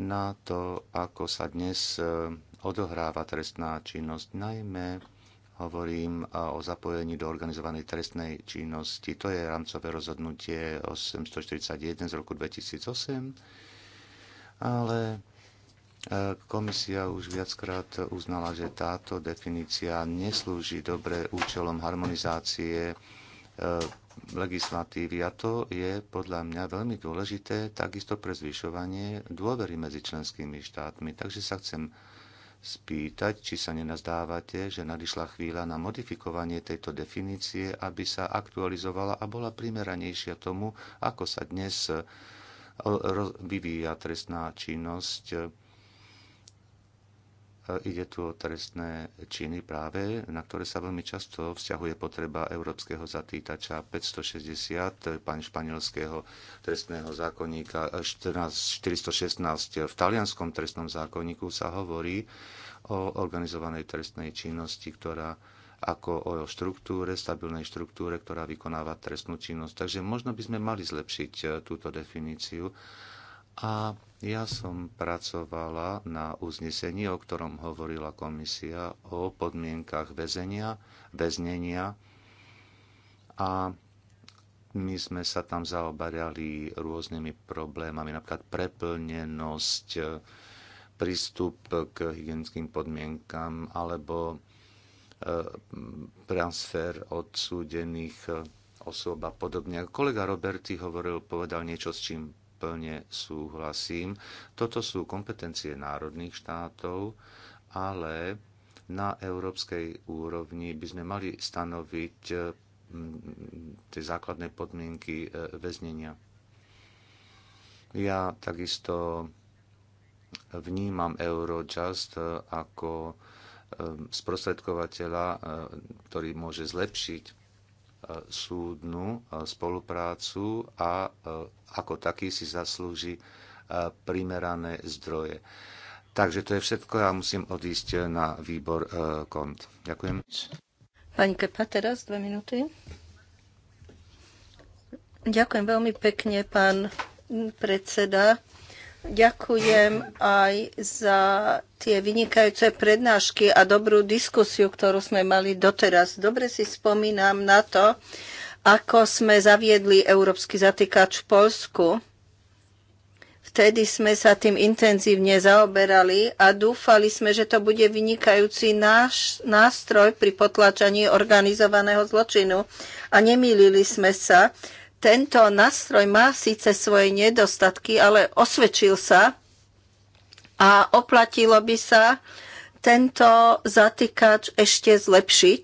na to, ako sa dnes e, odohráva trestná činnosť. Najmä hovorím o zapojení do organizovanej trestnej činnosti. To je rámcové rozhodnutie 841 z roku 2008 ale e, komisia už viackrát uznala, že táto definícia neslúži dobre účelom harmonizácie e, legislatívy a to je podľa mňa veľmi dôležité takisto pre zvyšovanie dôvery medzi členskými štátmi. Takže sa chcem spýtať, či sa nenazdávate, že nadišla chvíľa na modifikovanie tejto definície, aby sa aktualizovala a bola primeranejšia tomu, ako sa dnes vyvíja trestná činnosť. E, ide tu o trestné činy práve, na ktoré sa veľmi často vzťahuje potreba európskeho zatýtača 560, e, pán španielského trestného zákonníka 14, e, 416. V talianskom trestnom zákonníku sa hovorí o organizovanej trestnej činnosti, ktorá ako o štruktúre, stabilnej štruktúre, ktorá vykonáva trestnú činnosť. Takže možno by sme mali zlepšiť e, túto definíciu. A ja som pracovala na uznesení, o ktorom hovorila komisia, o podmienkach väzenia, väznenia. A my sme sa tam zaoberali rôznymi problémami, napríklad preplnenosť, e, prístup k hygienickým podmienkam alebo E, transfer odsúdených e, osôb a podobne. Kolega Roberti hovoril, povedal niečo, s čím plne súhlasím. Toto sú kompetencie národných štátov, ale na európskej úrovni by sme mali stanoviť e, tie základné podmienky väznenia. Ja takisto vnímam Eurojust ako Ehm, sprostredkovateľa, ehm, ktorý môže zlepšiť ehm, súdnu spoluprácu a ako taký si zaslúži primerané zdroje. Takže to je všetko. Ja musím odísť na výbor kont. Ďakujem. Pani Kepa, teraz dve minúty. Ďakujem veľmi pekne, pán predseda. Ďakujem aj za tie vynikajúce prednášky a dobrú diskusiu, ktorú sme mali doteraz. Dobre si spomínam na to, ako sme zaviedli európsky zatýkač v Polsku. Vtedy sme sa tým intenzívne zaoberali a dúfali sme, že to bude vynikajúci náš nástroj pri potlačaní organizovaného zločinu. A nemýlili sme sa. Tento nástroj má síce svoje nedostatky, ale osvedčil sa a oplatilo by sa tento zatýkač ešte zlepšiť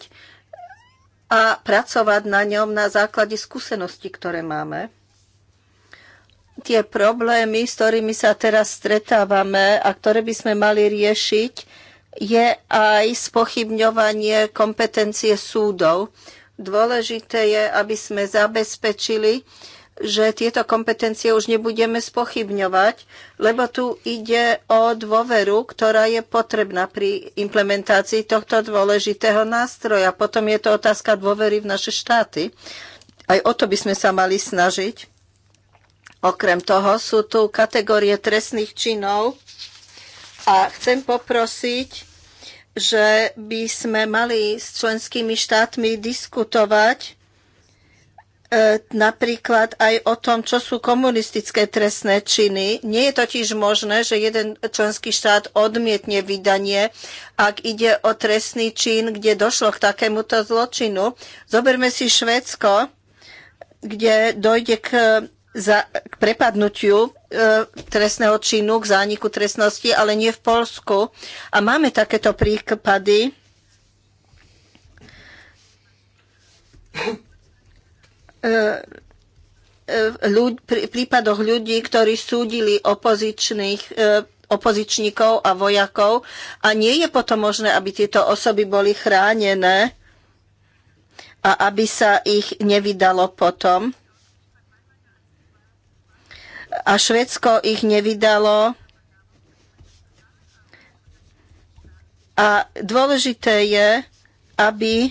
a pracovať na ňom na základe skúseností, ktoré máme tie problémy, s ktorými sa teraz stretávame a ktoré by sme mali riešiť, je aj spochybňovanie kompetencie súdov. Dôležité je, aby sme zabezpečili, že tieto kompetencie už nebudeme spochybňovať, lebo tu ide o dôveru, ktorá je potrebná pri implementácii tohto dôležitého nástroja. Potom je to otázka dôvery v naše štáty. Aj o to by sme sa mali snažiť. Okrem toho sú tu kategórie trestných činov a chcem poprosiť že by sme mali s členskými štátmi diskutovať e, napríklad aj o tom, čo sú komunistické trestné činy. Nie je totiž možné, že jeden členský štát odmietne vydanie, ak ide o trestný čin, kde došlo k takémuto zločinu. Zoberme si Švédsko, kde dojde k, za, k prepadnutiu E, trestného činu, k zániku trestnosti, ale nie v Polsku. A máme takéto prípady. v e, e, prípadoch ľudí, ktorí súdili opozičných opozičníkov a vojakov a nie je potom možné, aby tieto osoby boli chránené a aby sa ich nevydalo potom a Švedsko ich nevydalo. A dôležité je, aby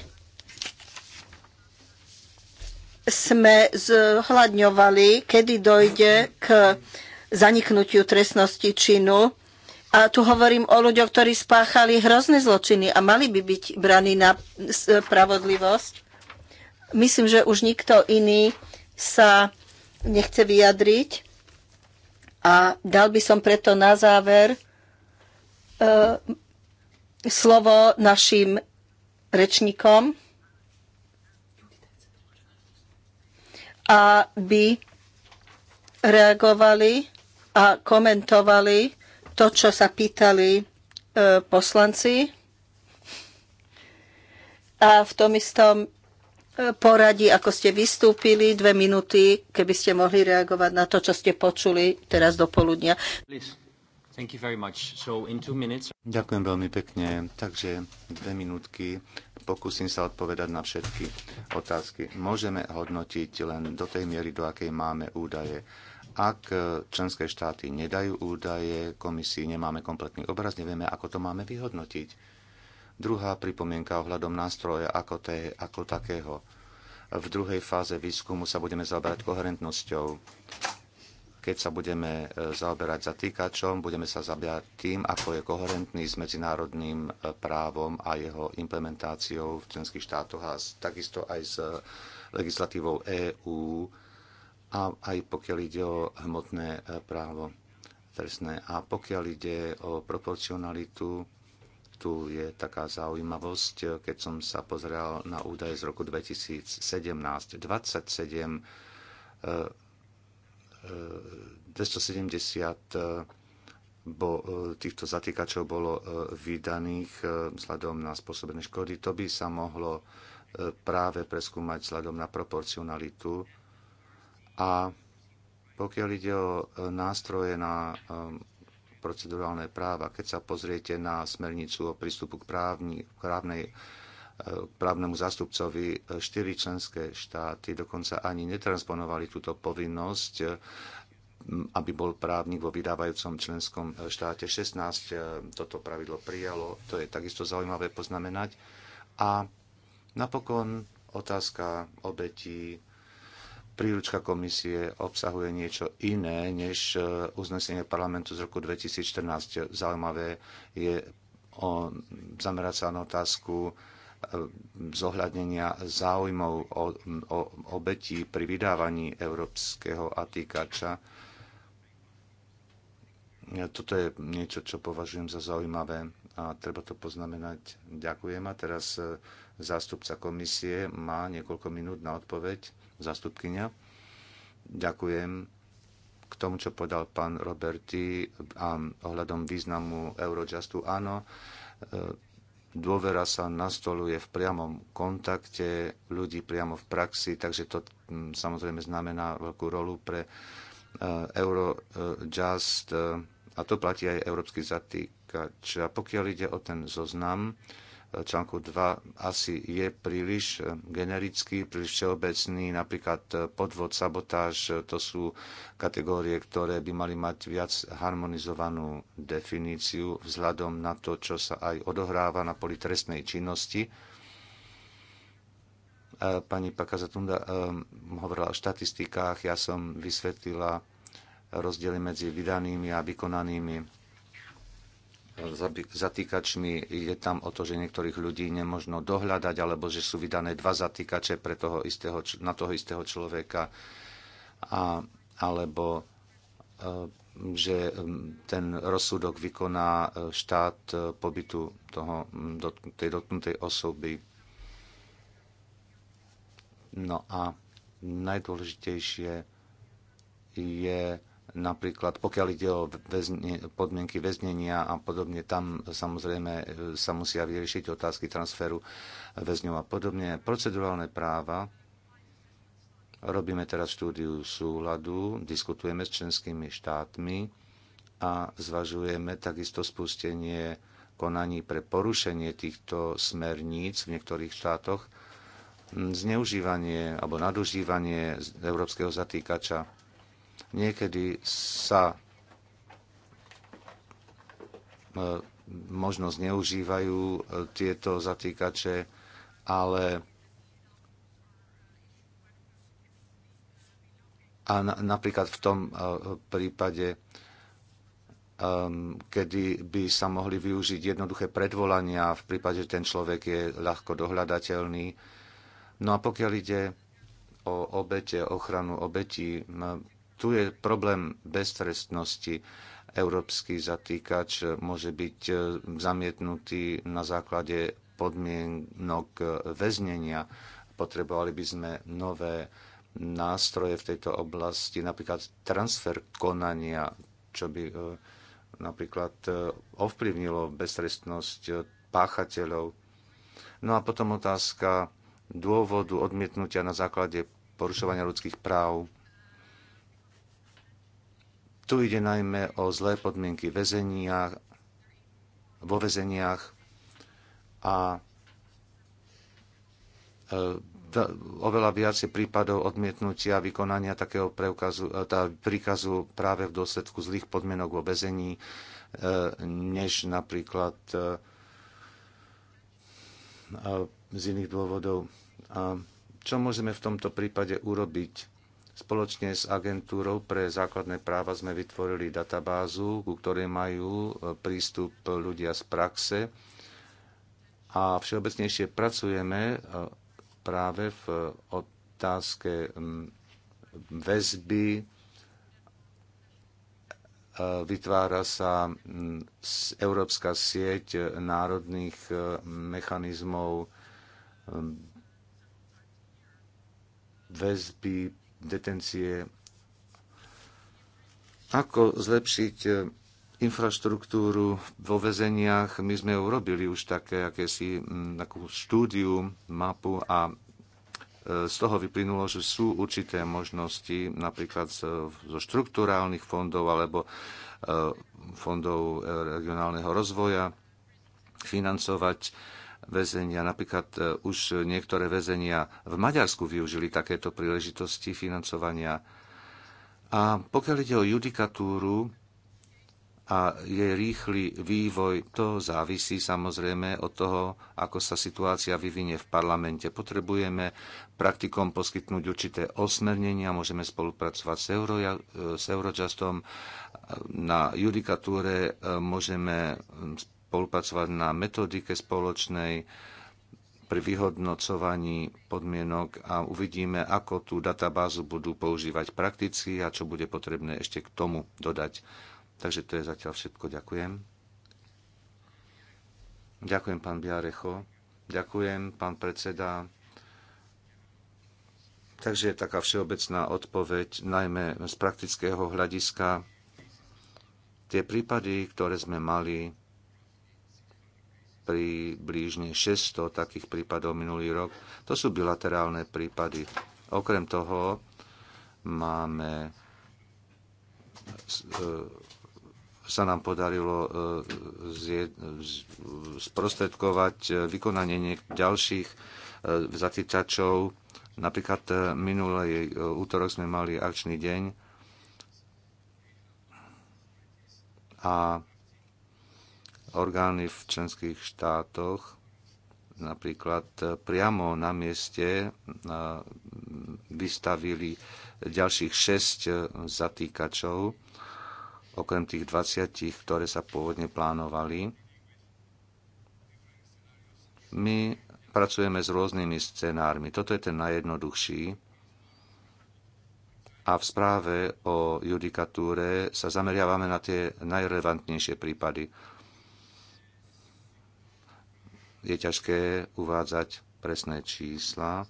sme zhľadňovali, kedy dojde k zaniknutiu trestnosti činu. A tu hovorím o ľuďoch, ktorí spáchali hrozné zločiny a mali by byť braní na spravodlivosť. Myslím, že už nikto iný sa nechce vyjadriť. A dal by som preto na záver e, slovo našim rečníkom, aby reagovali a komentovali to, čo sa pýtali e, poslanci. A v tom istom poradí, ako ste vystúpili, dve minúty, keby ste mohli reagovať na to, čo ste počuli teraz do poludnia. Ďakujem veľmi pekne. Takže dve minútky. Pokúsim sa odpovedať na všetky otázky. Môžeme hodnotiť len do tej miery, do akej máme údaje. Ak členské štáty nedajú údaje, komisii nemáme kompletný obraz, nevieme, ako to máme vyhodnotiť. Druhá pripomienka ohľadom nástroja ako, té, ako takého. V druhej fáze výskumu sa budeme zaoberať koherentnosťou. Keď sa budeme e, zaoberať zatýkačom, budeme sa zaoberať tým, ako je koherentný s medzinárodným e, právom a jeho implementáciou v členských štátoch a takisto aj s e, legislatívou EÚ a aj pokiaľ ide o hmotné právo trestné. A pokiaľ ide o proporcionalitu, tu je taká zaujímavosť, keď som sa pozrel na údaje z roku 2017. 27 270 bo eh, týchto zatýkačov bolo eh, vydaných eh, vzhľadom na spôsobené škody. To by sa mohlo práve preskúmať vzhľadom na proporcionalitu. A pokiaľ ide o nástroje na procedurálne práva. Keď sa pozriete na smernicu o prístupu k právni, právnej k e, právnemu zástupcovi e, štyri členské štáty dokonca ani netransponovali túto povinnosť, e, aby bol právnik vo vydávajúcom členskom štáte. 16 toto pravidlo prijalo, to je takisto zaujímavé poznamenať. A napokon otázka obetí príručka komisie obsahuje niečo iné než e, uznesenie parlamentu z roku 2014. Zaujímavé je o, zamerať sa na otázku e, zohľadnenia záujmov o, o obetí pri vydávaní európskeho atýkača. Toto je niečo, čo považujem za zaujímavé a treba to poznamenať. Ďakujem a teraz e, zástupca komisie má niekoľko minút na odpoveď zastupkynia. Ďakujem k tomu, čo podal pán Roberti a ohľadom významu Eurojustu. Áno, e, dôvera sa nastoluje v priamom kontakte ľudí priamo v praxi, takže to samozrejme znamená veľkú rolu pre e, Eurojust e, a to platí aj Európsky zatýkač. A pokiaľ ide o ten zoznam, článku 2 asi je príliš eh, generický, príliš všeobecný. Napríklad eh, podvod, sabotáž, eh, to sú kategórie, ktoré by mali mať viac harmonizovanú definíciu vzhľadom na to, čo sa aj odohráva na poli trestnej činnosti. Pani Pakazatunda hovorila o štatistikách, ja som vysvetlila rozdiely medzi vydanými a vykonanými zatýkačmi. Je tam o to, že niektorých ľudí nemožno dohľadať, alebo že sú vydané dva zatýkače pre toho istého, na toho istého človeka, a, alebo e, že ten rozsudok vykoná e, štát e, pobytu toho, tej dotknutej osoby. No a najdôležitejšie je Napríklad pokiaľ ide o väzne, podmienky väznenia a podobne, tam samozrejme e, sa musia vyriešiť otázky transferu väzňov a podobne. Procedurálne práva, robíme teraz štúdiu súladu, diskutujeme s členskými štátmi a zvažujeme takisto spustenie konaní pre porušenie týchto smerníc v niektorých štátoch, zneužívanie alebo nadužívanie európskeho zatýkača Niekedy sa e, možno zneužívajú e, tieto zatýkače, ale a napríklad v tom e, prípade, kedy by sa mohli využiť jednoduché predvolania v prípade, že ten človek je ľahko dohľadateľný. No a pokiaľ ide o obete, ochranu obetí, tu je problém beztrestnosti. Európsky zatýkač môže byť e, zamietnutý na základe podmienok e, väznenia. Potrebovali by sme nové nástroje v tejto oblasti, napríklad transfer konania, čo by e, napríklad ovplyvnilo beztrestnosť páchateľov. No a potom otázka dôvodu odmietnutia na základe porušovania ľudských práv. Tu ide najmä o zlé podmienky väzenia, vo väzeniach a e, oveľa viac je prípadov odmietnutia vykonania takého preukazu, e, tá príkazu práve v dôsledku zlých podmienok vo väzení, e, než napríklad z iných dôvodov. A čo môžeme v tomto prípade urobiť? Spoločne s agentúrou pre základné práva sme vytvorili databázu, ku ktorej majú e, prístup ľudia z praxe a všeobecnejšie pracujeme e, práve v e, otázke väzby. Vytvára sa európska sieť národných mechanizmov väzby detencie. Ako zlepšiť eh, infraštruktúru vo vezeniach. My sme urobili už také, akési, mm, takú štúdiu, mapu a eh, z toho vyplynulo, že sú určité možnosti napríklad zo štruktúrálnych fondov alebo eh, fondov regionálneho rozvoja financovať väzenia. Napríklad e, už niektoré väzenia v Maďarsku využili takéto príležitosti financovania. A pokiaľ ide o judikatúru a jej rýchly vývoj, to závisí samozrejme od toho, ako sa situácia vyvinie v parlamente. Potrebujeme praktikom poskytnúť určité osmernenia, môžeme spolupracovať s, Euro, e, s Eurojustom na judikatúre, e, môžeme spolupracovať na metodike spoločnej pri vyhodnocovaní podmienok a uvidíme, ako tú databázu budú používať praktici a čo bude potrebné ešte k tomu dodať. Takže to je zatiaľ všetko. Ďakujem. Ďakujem, pán Biarecho. Ďakujem, pán predseda. Takže taká všeobecná odpoveď, najmä z praktického hľadiska. Tie prípady, ktoré sme mali, približne 600 takých prípadov minulý rok. To sú bilaterálne prípady. Okrem toho máme e, sa nám podarilo e, sprostredkovať e, vykonanie ďalších zatýčačov. Napríklad minulý útorok sme mali akčný deň a orgány v členských štátoch napríklad eh, priamo na mieste eh, vystavili ďalších 6 eh, zatýkačov, okrem tých 20, ktoré sa pôvodne plánovali. My pracujeme s rôznymi scenármi. Toto je ten najjednoduchší. A v správe o judikatúre sa zameriavame na tie najrelevantnejšie prípady je ťažké uvádzať presné čísla,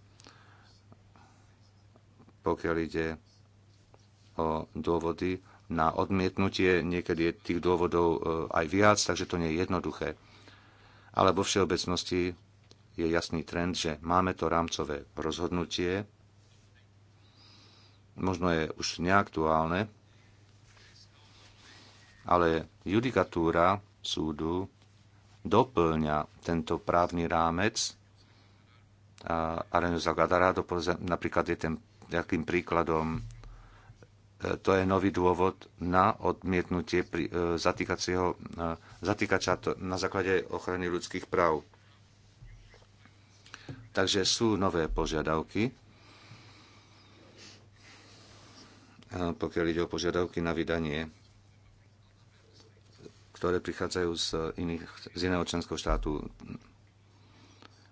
pokiaľ ide o dôvody na odmietnutie. Niekedy je tých dôvodov e, aj viac, takže to nie je jednoduché. Ale vo všeobecnosti je jasný trend, že máme to rámcové rozhodnutie, možno je už neaktuálne, ale judikatúra súdu doplňa tento právny rámec. Arenu Zagadara napríklad je ten takým príkladom, e, to je nový dôvod na odmietnutie e, zatýkacieho, e, zatýkača na základe ochrany ľudských práv. Takže sú nové požiadavky, pokiaľ ide o požiadavky na vydanie ktoré prichádzajú z, iných, z iného členského štátu.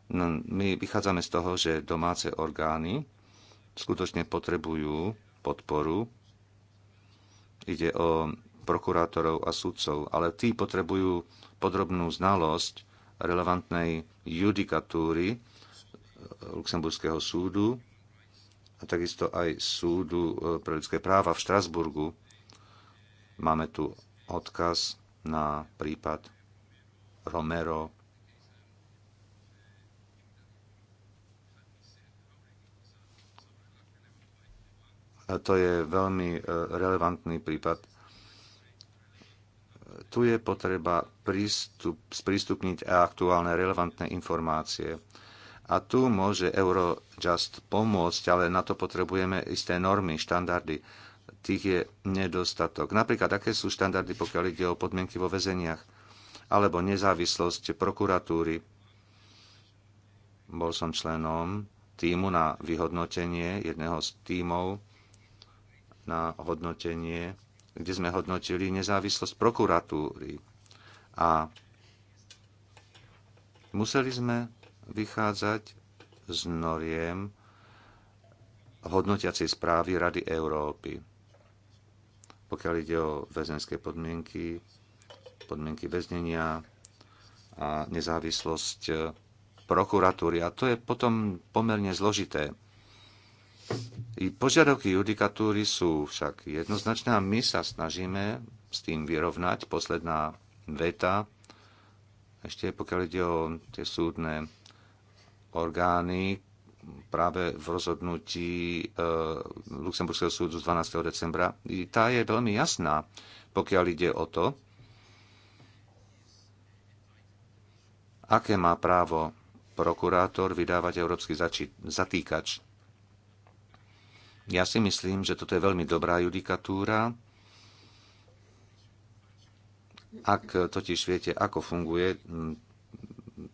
No, my vychádzame z toho, že domáce orgány skutočne potrebujú podporu. Ide o prokurátorov a sudcov, ale tí potrebujú podrobnú znalosť relevantnej judikatúry Luxemburského súdu a takisto aj súdu eh, pre ľudské práva v Štrasburgu. Máme tu odkaz na prípad Romero. To je veľmi e, relevantný prípad. Tu je potreba prístup, sprístupniť aktuálne relevantné informácie. A tu môže Eurojust pomôcť, ale na to potrebujeme isté normy, štandardy tých je nedostatok. Napríklad, aké sú štandardy, pokiaľ ide o podmienky vo väzeniach, alebo nezávislosť prokuratúry. Bol som členom týmu na vyhodnotenie, jedného z týmov na hodnotenie, kde sme hodnotili nezávislosť prokuratúry. A museli sme vychádzať z noriem hodnotiacej správy Rady Európy pokiaľ ide o väzenské podmienky, podmienky väznenia a nezávislosť prokuratúry. A to je potom pomerne zložité. I požiadavky judikatúry sú však jednoznačné a my sa snažíme s tým vyrovnať. Posledná veta, ešte pokiaľ ide o tie súdne orgány, práve v rozhodnutí eh, Luxemburského súdu z 12. decembra. Tá je veľmi jasná, pokiaľ ide o to, aké má právo prokurátor vydávať európsky zatýkač. Ja si myslím, že toto je veľmi dobrá judikatúra. Ak totiž viete, ako funguje mm,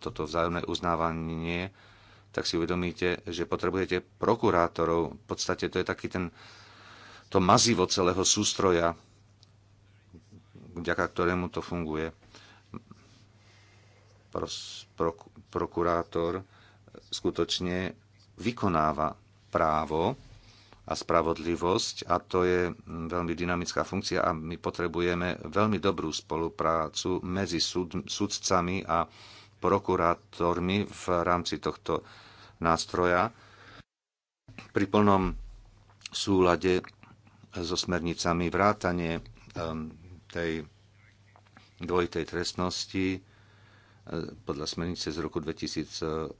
toto vzájomné uznávanie tak si uvedomíte, že potrebujete prokurátorov. V podstate to je taký ten, to mazivo celého sústroja, vďaka ktorému to funguje. Pros, pro, prokurátor skutočne vykonáva právo a spravodlivosť a to je veľmi dynamická funkcia a my potrebujeme veľmi dobrú spoluprácu medzi súd, súdcami a prokurátormi v rámci tohto nástroja pri plnom súlade so smernicami vrátanie ehm, tej dvojitej trestnosti e, podľa smernice z roku 2018.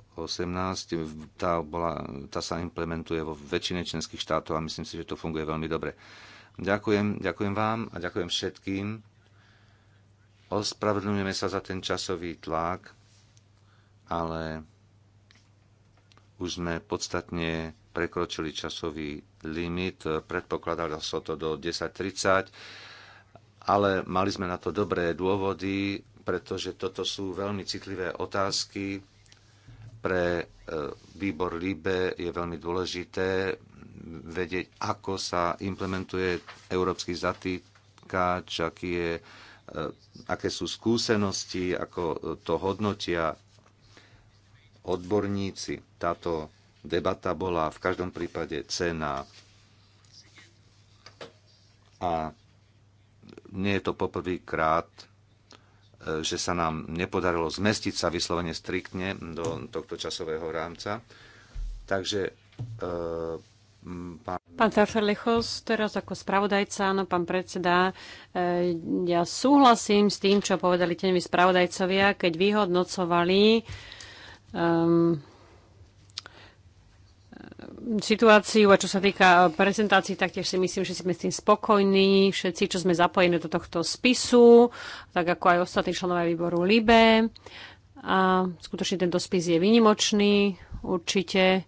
Tá, bola, tá sa implementuje vo väčšine členských štátov a myslím si, že to funguje veľmi dobre. Ďakujem, ďakujem vám a ďakujem všetkým. Ospravedlňujeme sa za ten časový tlak ale už sme podstatne prekročili časový limit. Predpokladalo sa to do 10.30, ale mali sme na to dobré dôvody, pretože toto sú veľmi citlivé otázky. Pre e, výbor LIBE je veľmi dôležité vedieť, ako sa implementuje európsky zatýkač, aký je e, aké sú skúsenosti, ako to hodnotia odborníci. Táto debata bola v každom prípade cená. A nie je to poprvýkrát, e, že sa nám nepodarilo zmestiť sa vyslovene striktne do tohto časového rámca. Takže e, pán... Pán Taferlechos, teraz ako spravodajca, áno, pán predseda, e, ja súhlasím s tým, čo povedali tenými spravodajcovia, keď vyhodnocovali um, situáciu a čo sa týka eh, prezentácií, tak tiež si myslím, že sme s tým spokojní. Všetci, čo sme zapojení do tohto spisu, tak ako aj ostatní členové výboru LIBE. A skutočne tento spis je vynimočný. Určite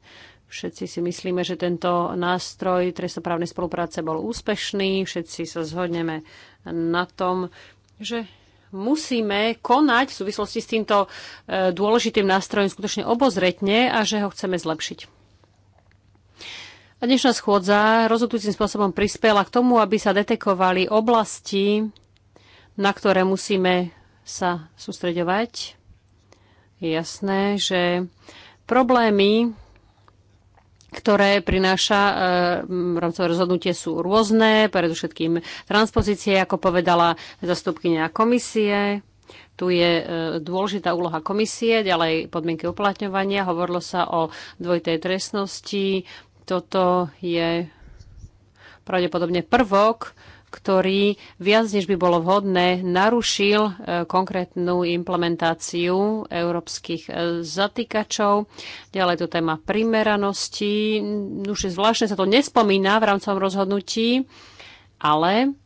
všetci si myslíme, že tento nástroj trestnoprávnej spolupráce bol úspešný. Všetci sa zhodneme na tom, že musíme konať v súvislosti s týmto e, dôležitým nástrojom skutočne obozretne a že ho chceme zlepšiť. A dnešná schôdza rozhodujúcim spôsobom prispela k tomu, aby sa detekovali oblasti, na ktoré musíme sa sústreďovať. Je jasné, že problémy ktoré prináša e, rámcové rozhodnutie sú rôzne, predovšetkým transpozície, ako povedala zastupkynia komisie. Tu je e, dôležitá úloha komisie, ďalej podmienky uplatňovania, hovorilo sa o dvojitej trestnosti. Toto je pravdepodobne prvok, ktorý viac než by bolo vhodné narušil e, konkrétnu implementáciu európskych e, zatýkačov. Ďalej to téma primeranosti. Už je zvláštne sa to nespomína v rámcovom rozhodnutí, ale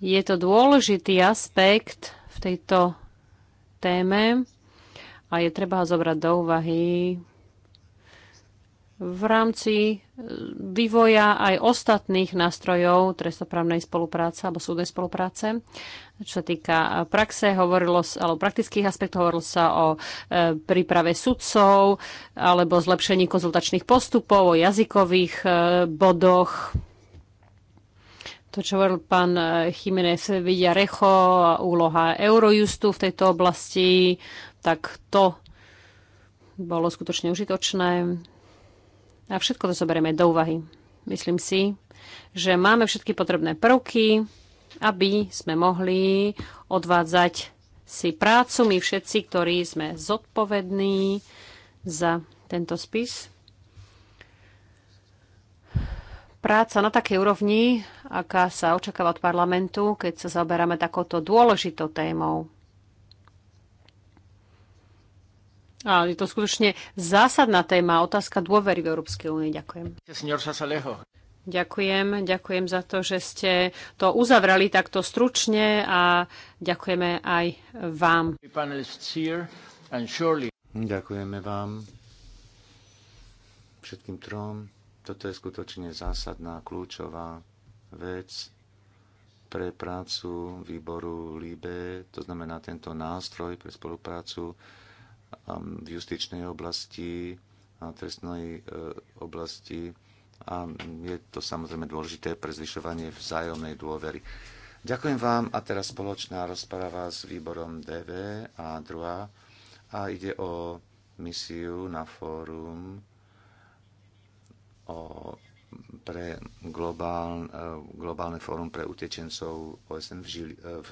je to dôležitý aspekt v tejto téme a je treba ho zobrať do úvahy v rámci e, vývoja aj ostatných nástrojov trestnoprávnej spolupráce alebo súdnej spolupráce. Čo sa týka e, praxe, hovorilo, alebo praktických aspektov, hovorilo sa o e, príprave sudcov alebo zlepšení konzultačných postupov, o jazykových e, bodoch. To, čo hovoril pán Chimenez, e, Vidia Recho, a úloha Eurojustu v tejto oblasti, tak to bolo skutočne užitočné. A všetko to zoberieme do úvahy. Myslím si, že máme všetky potrebné prvky, aby sme mohli odvádzať si prácu, my všetci, ktorí sme zodpovední za tento spis. Práca na takej úrovni, aká sa očakáva od parlamentu, keď sa zaoberáme takouto dôležitou témou. A je to skutočne zásadná téma, otázka dôvery v Európskej únii. Ďakujem. Ďakujem, ďakujem za to, že ste to uzavrali takto stručne a ďakujeme aj vám. Ďakujeme vám, všetkým trom. Toto je skutočne zásadná, kľúčová vec pre prácu výboru LIBE, to znamená tento nástroj pre spoluprácu v justičnej oblasti a trestnej e, oblasti a je to samozrejme dôležité pre zvyšovanie vzájomnej dôvery. Ďakujem vám a teraz spoločná rozpráva s výborom DV a druhá a ide o misiu na fórum o, pre globál, e, globálne fórum pre utečencov OSN v, Žili, e, v